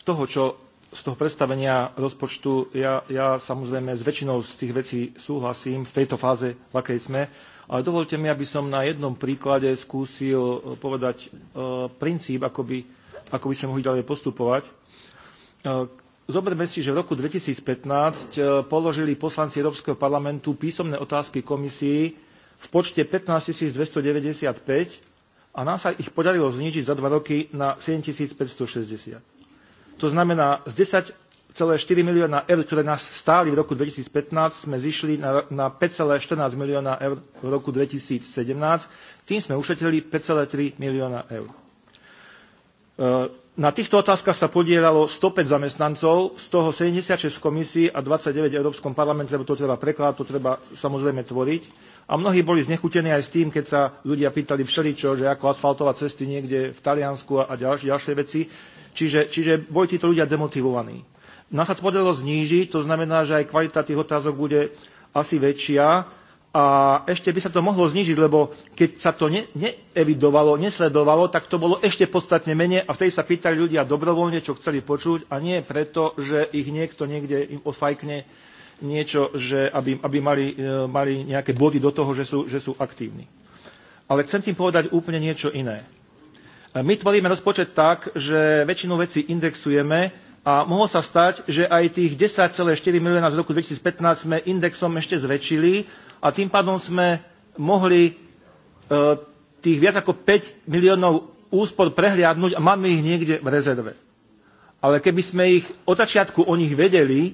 toho, čo z toho predstavenia rozpočtu, ja, ja samozrejme s väčšinou z tých vecí súhlasím v tejto fáze, v akej sme, ale dovolte mi, aby som na jednom príklade skúsil povedať e, princíp, ako by, ako by sme mohli ďalej postupovať. E, zoberme si, že v roku 2015 e, položili poslanci Európskeho parlamentu písomné otázky komisii v počte 15 295 a nám sa ich podarilo znižiť za dva roky na 7560. To znamená, z 10,4 milióna eur, ktoré nás stáli v roku 2015, sme zišli na 5,14 milióna eur v roku 2017. Tým sme ušetrili 5,3 milióna eur. E, na týchto otázkach sa podielalo 105 zamestnancov, z toho 76 komisí a 29 v Európskom parlamente, lebo to treba preklad, to treba samozrejme tvoriť. A mnohí boli znechutení aj s tým, keď sa ľudia pýtali všeličo, že ako asfaltovať cesty niekde v Taliansku a ďalšie, ďalšie veci. Čiže, čiže boli títo ľudia demotivovaní. Na sa to podarilo znížiť, to znamená, že aj kvalita tých otázok bude asi väčšia a ešte by sa to mohlo znížiť, lebo keď sa to ne, neevidovalo, nesledovalo, tak to bolo ešte podstatne menej a vtedy sa pýtali ľudia dobrovoľne, čo chceli počuť a nie preto, že ich niekto niekde im osfajkne, niečo, že aby, aby mali, e, mali nejaké body do toho, že sú, že sú aktívni. Ale chcem tým povedať úplne niečo iné. E, my tvoríme rozpočet tak, že väčšinu vecí indexujeme a mohlo sa stať, že aj tých 10,4 milióna z roku 2015 sme indexom ešte zväčšili a tým pádom sme mohli e, tých viac ako 5 miliónov úspor prehliadnúť a máme ich niekde v rezerve. Ale keby sme ich od začiatku o nich vedeli,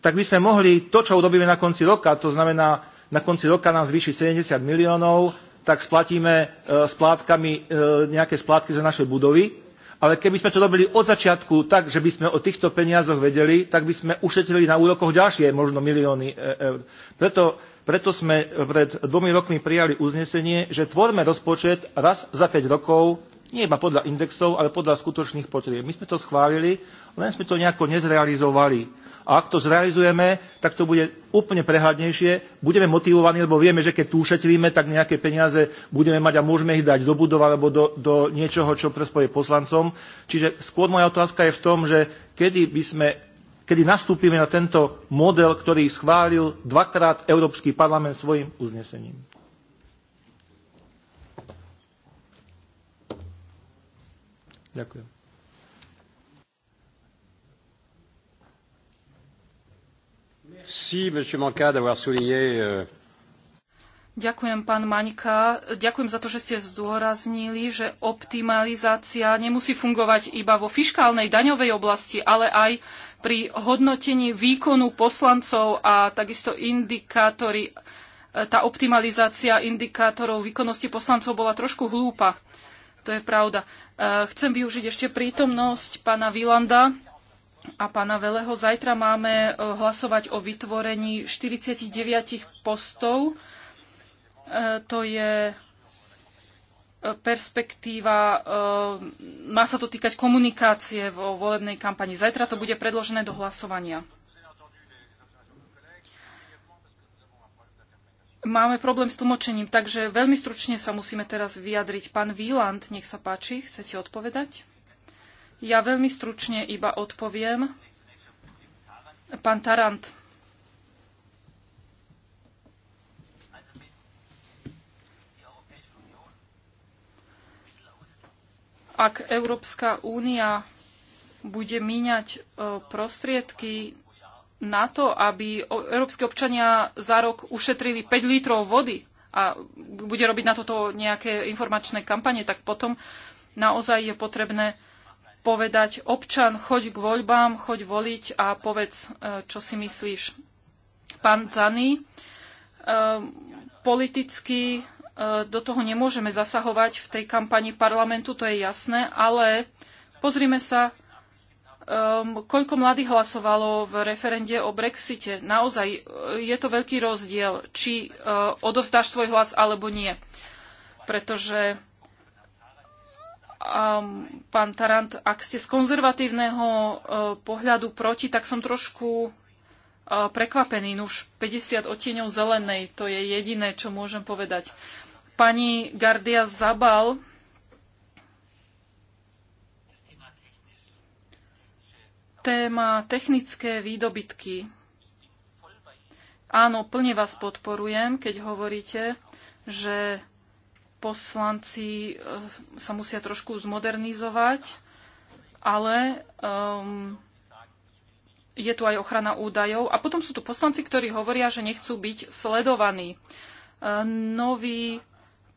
tak by sme mohli to, čo urobíme na konci roka, to znamená, na konci roka nám zvýši 70 miliónov, tak splatíme e, splátkami e, nejaké splátky za naše budovy. Ale keby sme to robili od začiatku tak, že by sme o týchto peniazoch vedeli, tak by sme ušetrili na úrokoch ďalšie možno milióny eur. E, preto, preto sme pred dvomi rokmi prijali uznesenie, že tvorme rozpočet raz za 5 rokov, nie iba podľa indexov, ale podľa skutočných potrieb. My sme to schválili, len sme to nejako nezrealizovali a ak to zrealizujeme, tak to bude úplne prehľadnejšie. Budeme motivovaní, lebo vieme, že keď tu ušetríme, tak nejaké peniaze budeme mať a môžeme ich dať do budova alebo do, do niečoho, čo prespoje poslancom. Čiže skôr moja otázka je v tom, že kedy by sme kedy nastúpime na tento model, ktorý schválil dvakrát Európsky parlament svojim uznesením. Ďakujem. Merci, monsieur Manka, d'avoir souligné euh, Ďakujem, pán Maňka. Ďakujem za to, že ste zdôraznili, že optimalizácia nemusí fungovať iba vo fiškálnej daňovej oblasti, ale aj pri hodnotení výkonu poslancov a takisto indikátory. Tá optimalizácia indikátorov výkonnosti poslancov bola trošku hlúpa. To je pravda. Chcem využiť ešte prítomnosť pána Vilanda a pána Veleho. Zajtra máme e, hlasovať o vytvorení 49 postov. E, to je e, perspektíva, má sa to týkať komunikácie vo volebnej kampani. Zajtra to bude predložené do hlasovania. Máme problém s tlmočením, takže veľmi stručne sa musíme teraz vyjadriť. Pán Výland, nech sa páči, chcete odpovedať? Ja veľmi stručne iba odpoviem. Pán Tarant. Ak Európska únia bude míňať e, prostriedky na to, aby európske občania za rok ušetrili 5 litrov vody a bude robiť na toto nejaké informačné kampane, tak potom naozaj je potrebné povedať občan, choď k voľbám, choď voliť a povedz, e, čo si myslíš. Pán Zany, e, politicky e, do toho nemôžeme zasahovať v tej kampani parlamentu, to je jasné, ale pozrime sa, koľko mladých hlasovalo v referende o Brexite. Naozaj je to veľký rozdiel, či odovzdáš svoj hlas alebo nie. Pretože um, pán Tarant, ak ste z konzervatívneho uh, pohľadu proti, tak som trošku e, prekvapený. Už 50 odtieňov zelenej, to je jediné, čo môžem povedať. Pani Gardia Zabal, téma technické výdobytky. Áno, plne vás podporujem, keď hovoríte, že poslanci eh, sa musia trošku zmodernizovať, ale um, je tu aj ochrana údajov. A potom sú tu poslanci, ktorí hovoria, že nechcú byť sledovaní. Uh, nový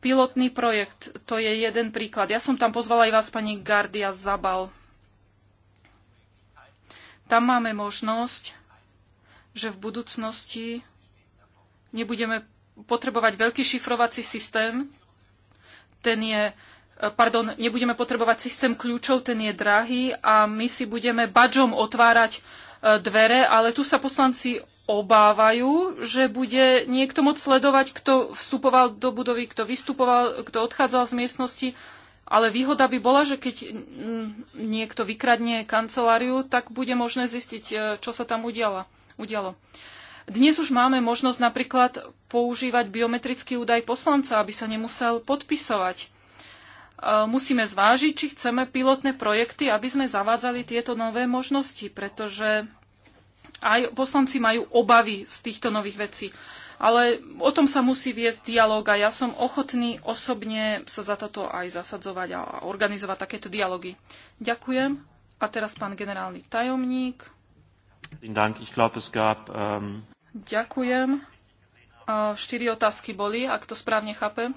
pilotný projekt, to je jeden príklad. Ja som tam pozvala aj vás, pani Gardia Zabal. Tam máme možnosť, že v budúcnosti nebudeme potrebovať veľký šifrovací systém, ten je pardon, nebudeme potrebovať systém kľúčov, ten je drahý a my si budeme badžom otvárať e, dvere, ale tu sa poslanci obávajú, že bude niekto môcť sledovať, kto vstupoval do budovy, kto vystupoval, kto odchádzal z miestnosti. Ale výhoda by bola, že keď mm, niekto vykradne kanceláriu, tak bude možné zistiť, e, čo sa tam udiala, udialo. Dnes už máme možnosť napríklad používať biometrický údaj poslanca, aby sa nemusel podpisovať. E, musíme zvážiť, či chceme pilotné projekty, aby sme zavádzali tieto nové možnosti, pretože aj poslanci majú obavy z týchto nových vecí. Ale o tom sa musí viesť dialog a ja som ochotný osobne sa za toto aj zasadzovať a organizovať takéto dialógy. Ďakujem. A teraz pán generálny tajomník. Dank. Ich glaube, es gab ähm, Ďakujem. Štyri otázky boli, ak to správne chápem.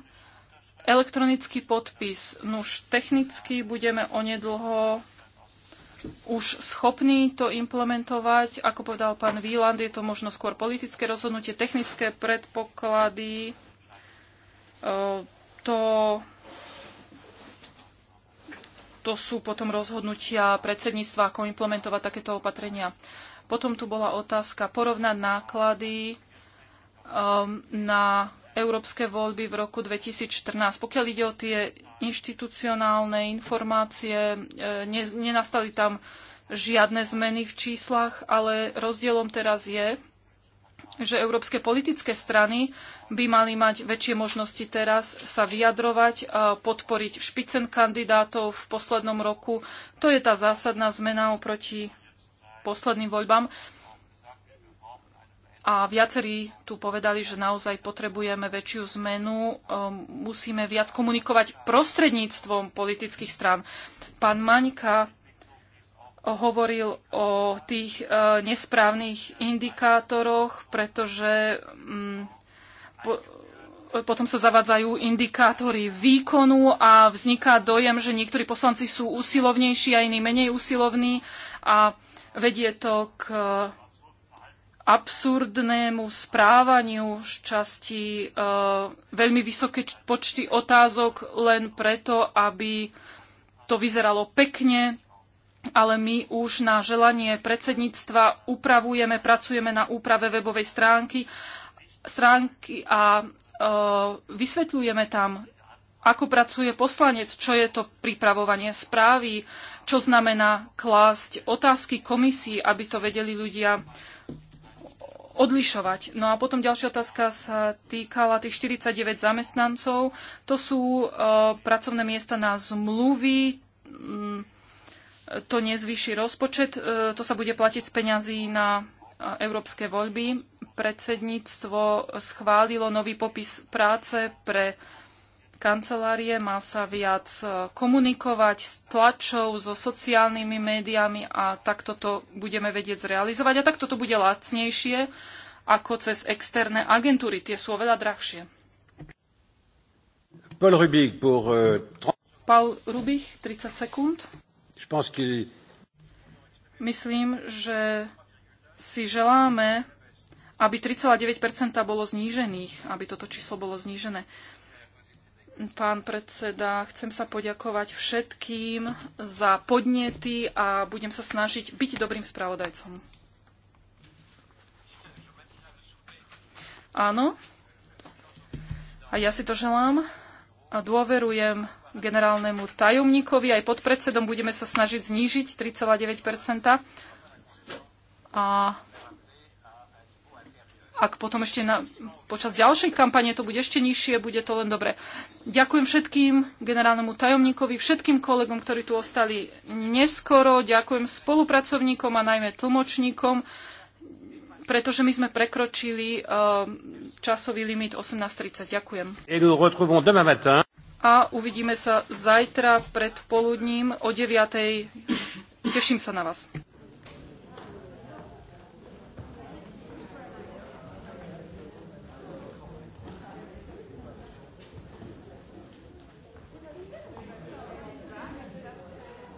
Elektronický podpis. Nuž technicky budeme onedlho už schopní to implementovať. Ako povedal pán Výland, je to možno skôr politické rozhodnutie, technické predpoklady. E, to, to sú potom rozhodnutia predsedníctva, ako implementovať takéto opatrenia. Potom tu bola otázka porovnať náklady um, na európske voľby v roku 2014. Pokiaľ ide o tie inštitucionálne informácie, e, ne, nenastali tam žiadne zmeny v číslach, ale rozdielom teraz je, že európske politické strany by mali mať väčšie možnosti teraz sa vyjadrovať, a e, podporiť špicen kandidátov v poslednom roku. To je tá zásadná zmena oproti posledným voľbám. A viacerí tu povedali, že naozaj potrebujeme väčšiu zmenu, ehm, musíme viac komunikovať prostredníctvom politických strán. Pán Maňka hovoril o tých e, nesprávnych indikátoroch, pretože mm, potom sa zavádzajú indikátory výkonu a vzniká dojem, že niektorí poslanci sú úsilovnejší a iní menej úsilovní a Vedie to k eh, absurdnému správaniu z časti e, veľmi vysoké počty otázok len preto, aby to vyzeralo pekne, ale my už na želanie predsedníctva upravujeme, pracujeme na úprave webovej stránky, stránky a e, vysvetľujeme tam ako pracuje poslanec, čo je to pripravovanie správy, čo znamená klásť otázky komisii, aby to vedeli ľudia odlišovať. No a potom ďalšia otázka sa týkala tých 49 zamestnancov. To sú uh, pracovné miesta na zmluvy, mm, to nezvyší rozpočet, Uh, to sa bude platiť z peňazí na e, európske voľby. Predsedníctvo schválilo nový popis práce pre kancelárie, má sa viac e, komunikovať s tlačou, so sociálnymi médiami a takto to budeme vedieť zrealizovať. A takto to bude lacnejšie ako cez externé agentúry. Tie sú oveľa drahšie. Paul Rubik, pour, uh, Paul Rubik 30 sekúnd. Myslím, že si želáme, aby 3,9% bolo znížených, aby toto číslo bolo znížené pán predseda. Chcem sa poďakovať všetkým za podnety a budem sa snažiť byť dobrým spravodajcom. Áno. A ja si to želám. A dôverujem generálnemu tajomníkovi, aj podpredsedom budeme sa snažiť znížiť 3,9 A ak potom ešte na, počas ďalšej kampane to bude ešte nižšie, bude to len dobre. Ďakujem všetkým generálnemu tajomníkovi, všetkým kolegom, ktorí tu ostali neskoro. Ďakujem spolupracovníkom a najmä tlmočníkom, pretože my sme prekročili uh, časový limit 18.30. Ďakujem. A uvidíme sa zajtra pred poludním o 9.00. Teším sa na vás.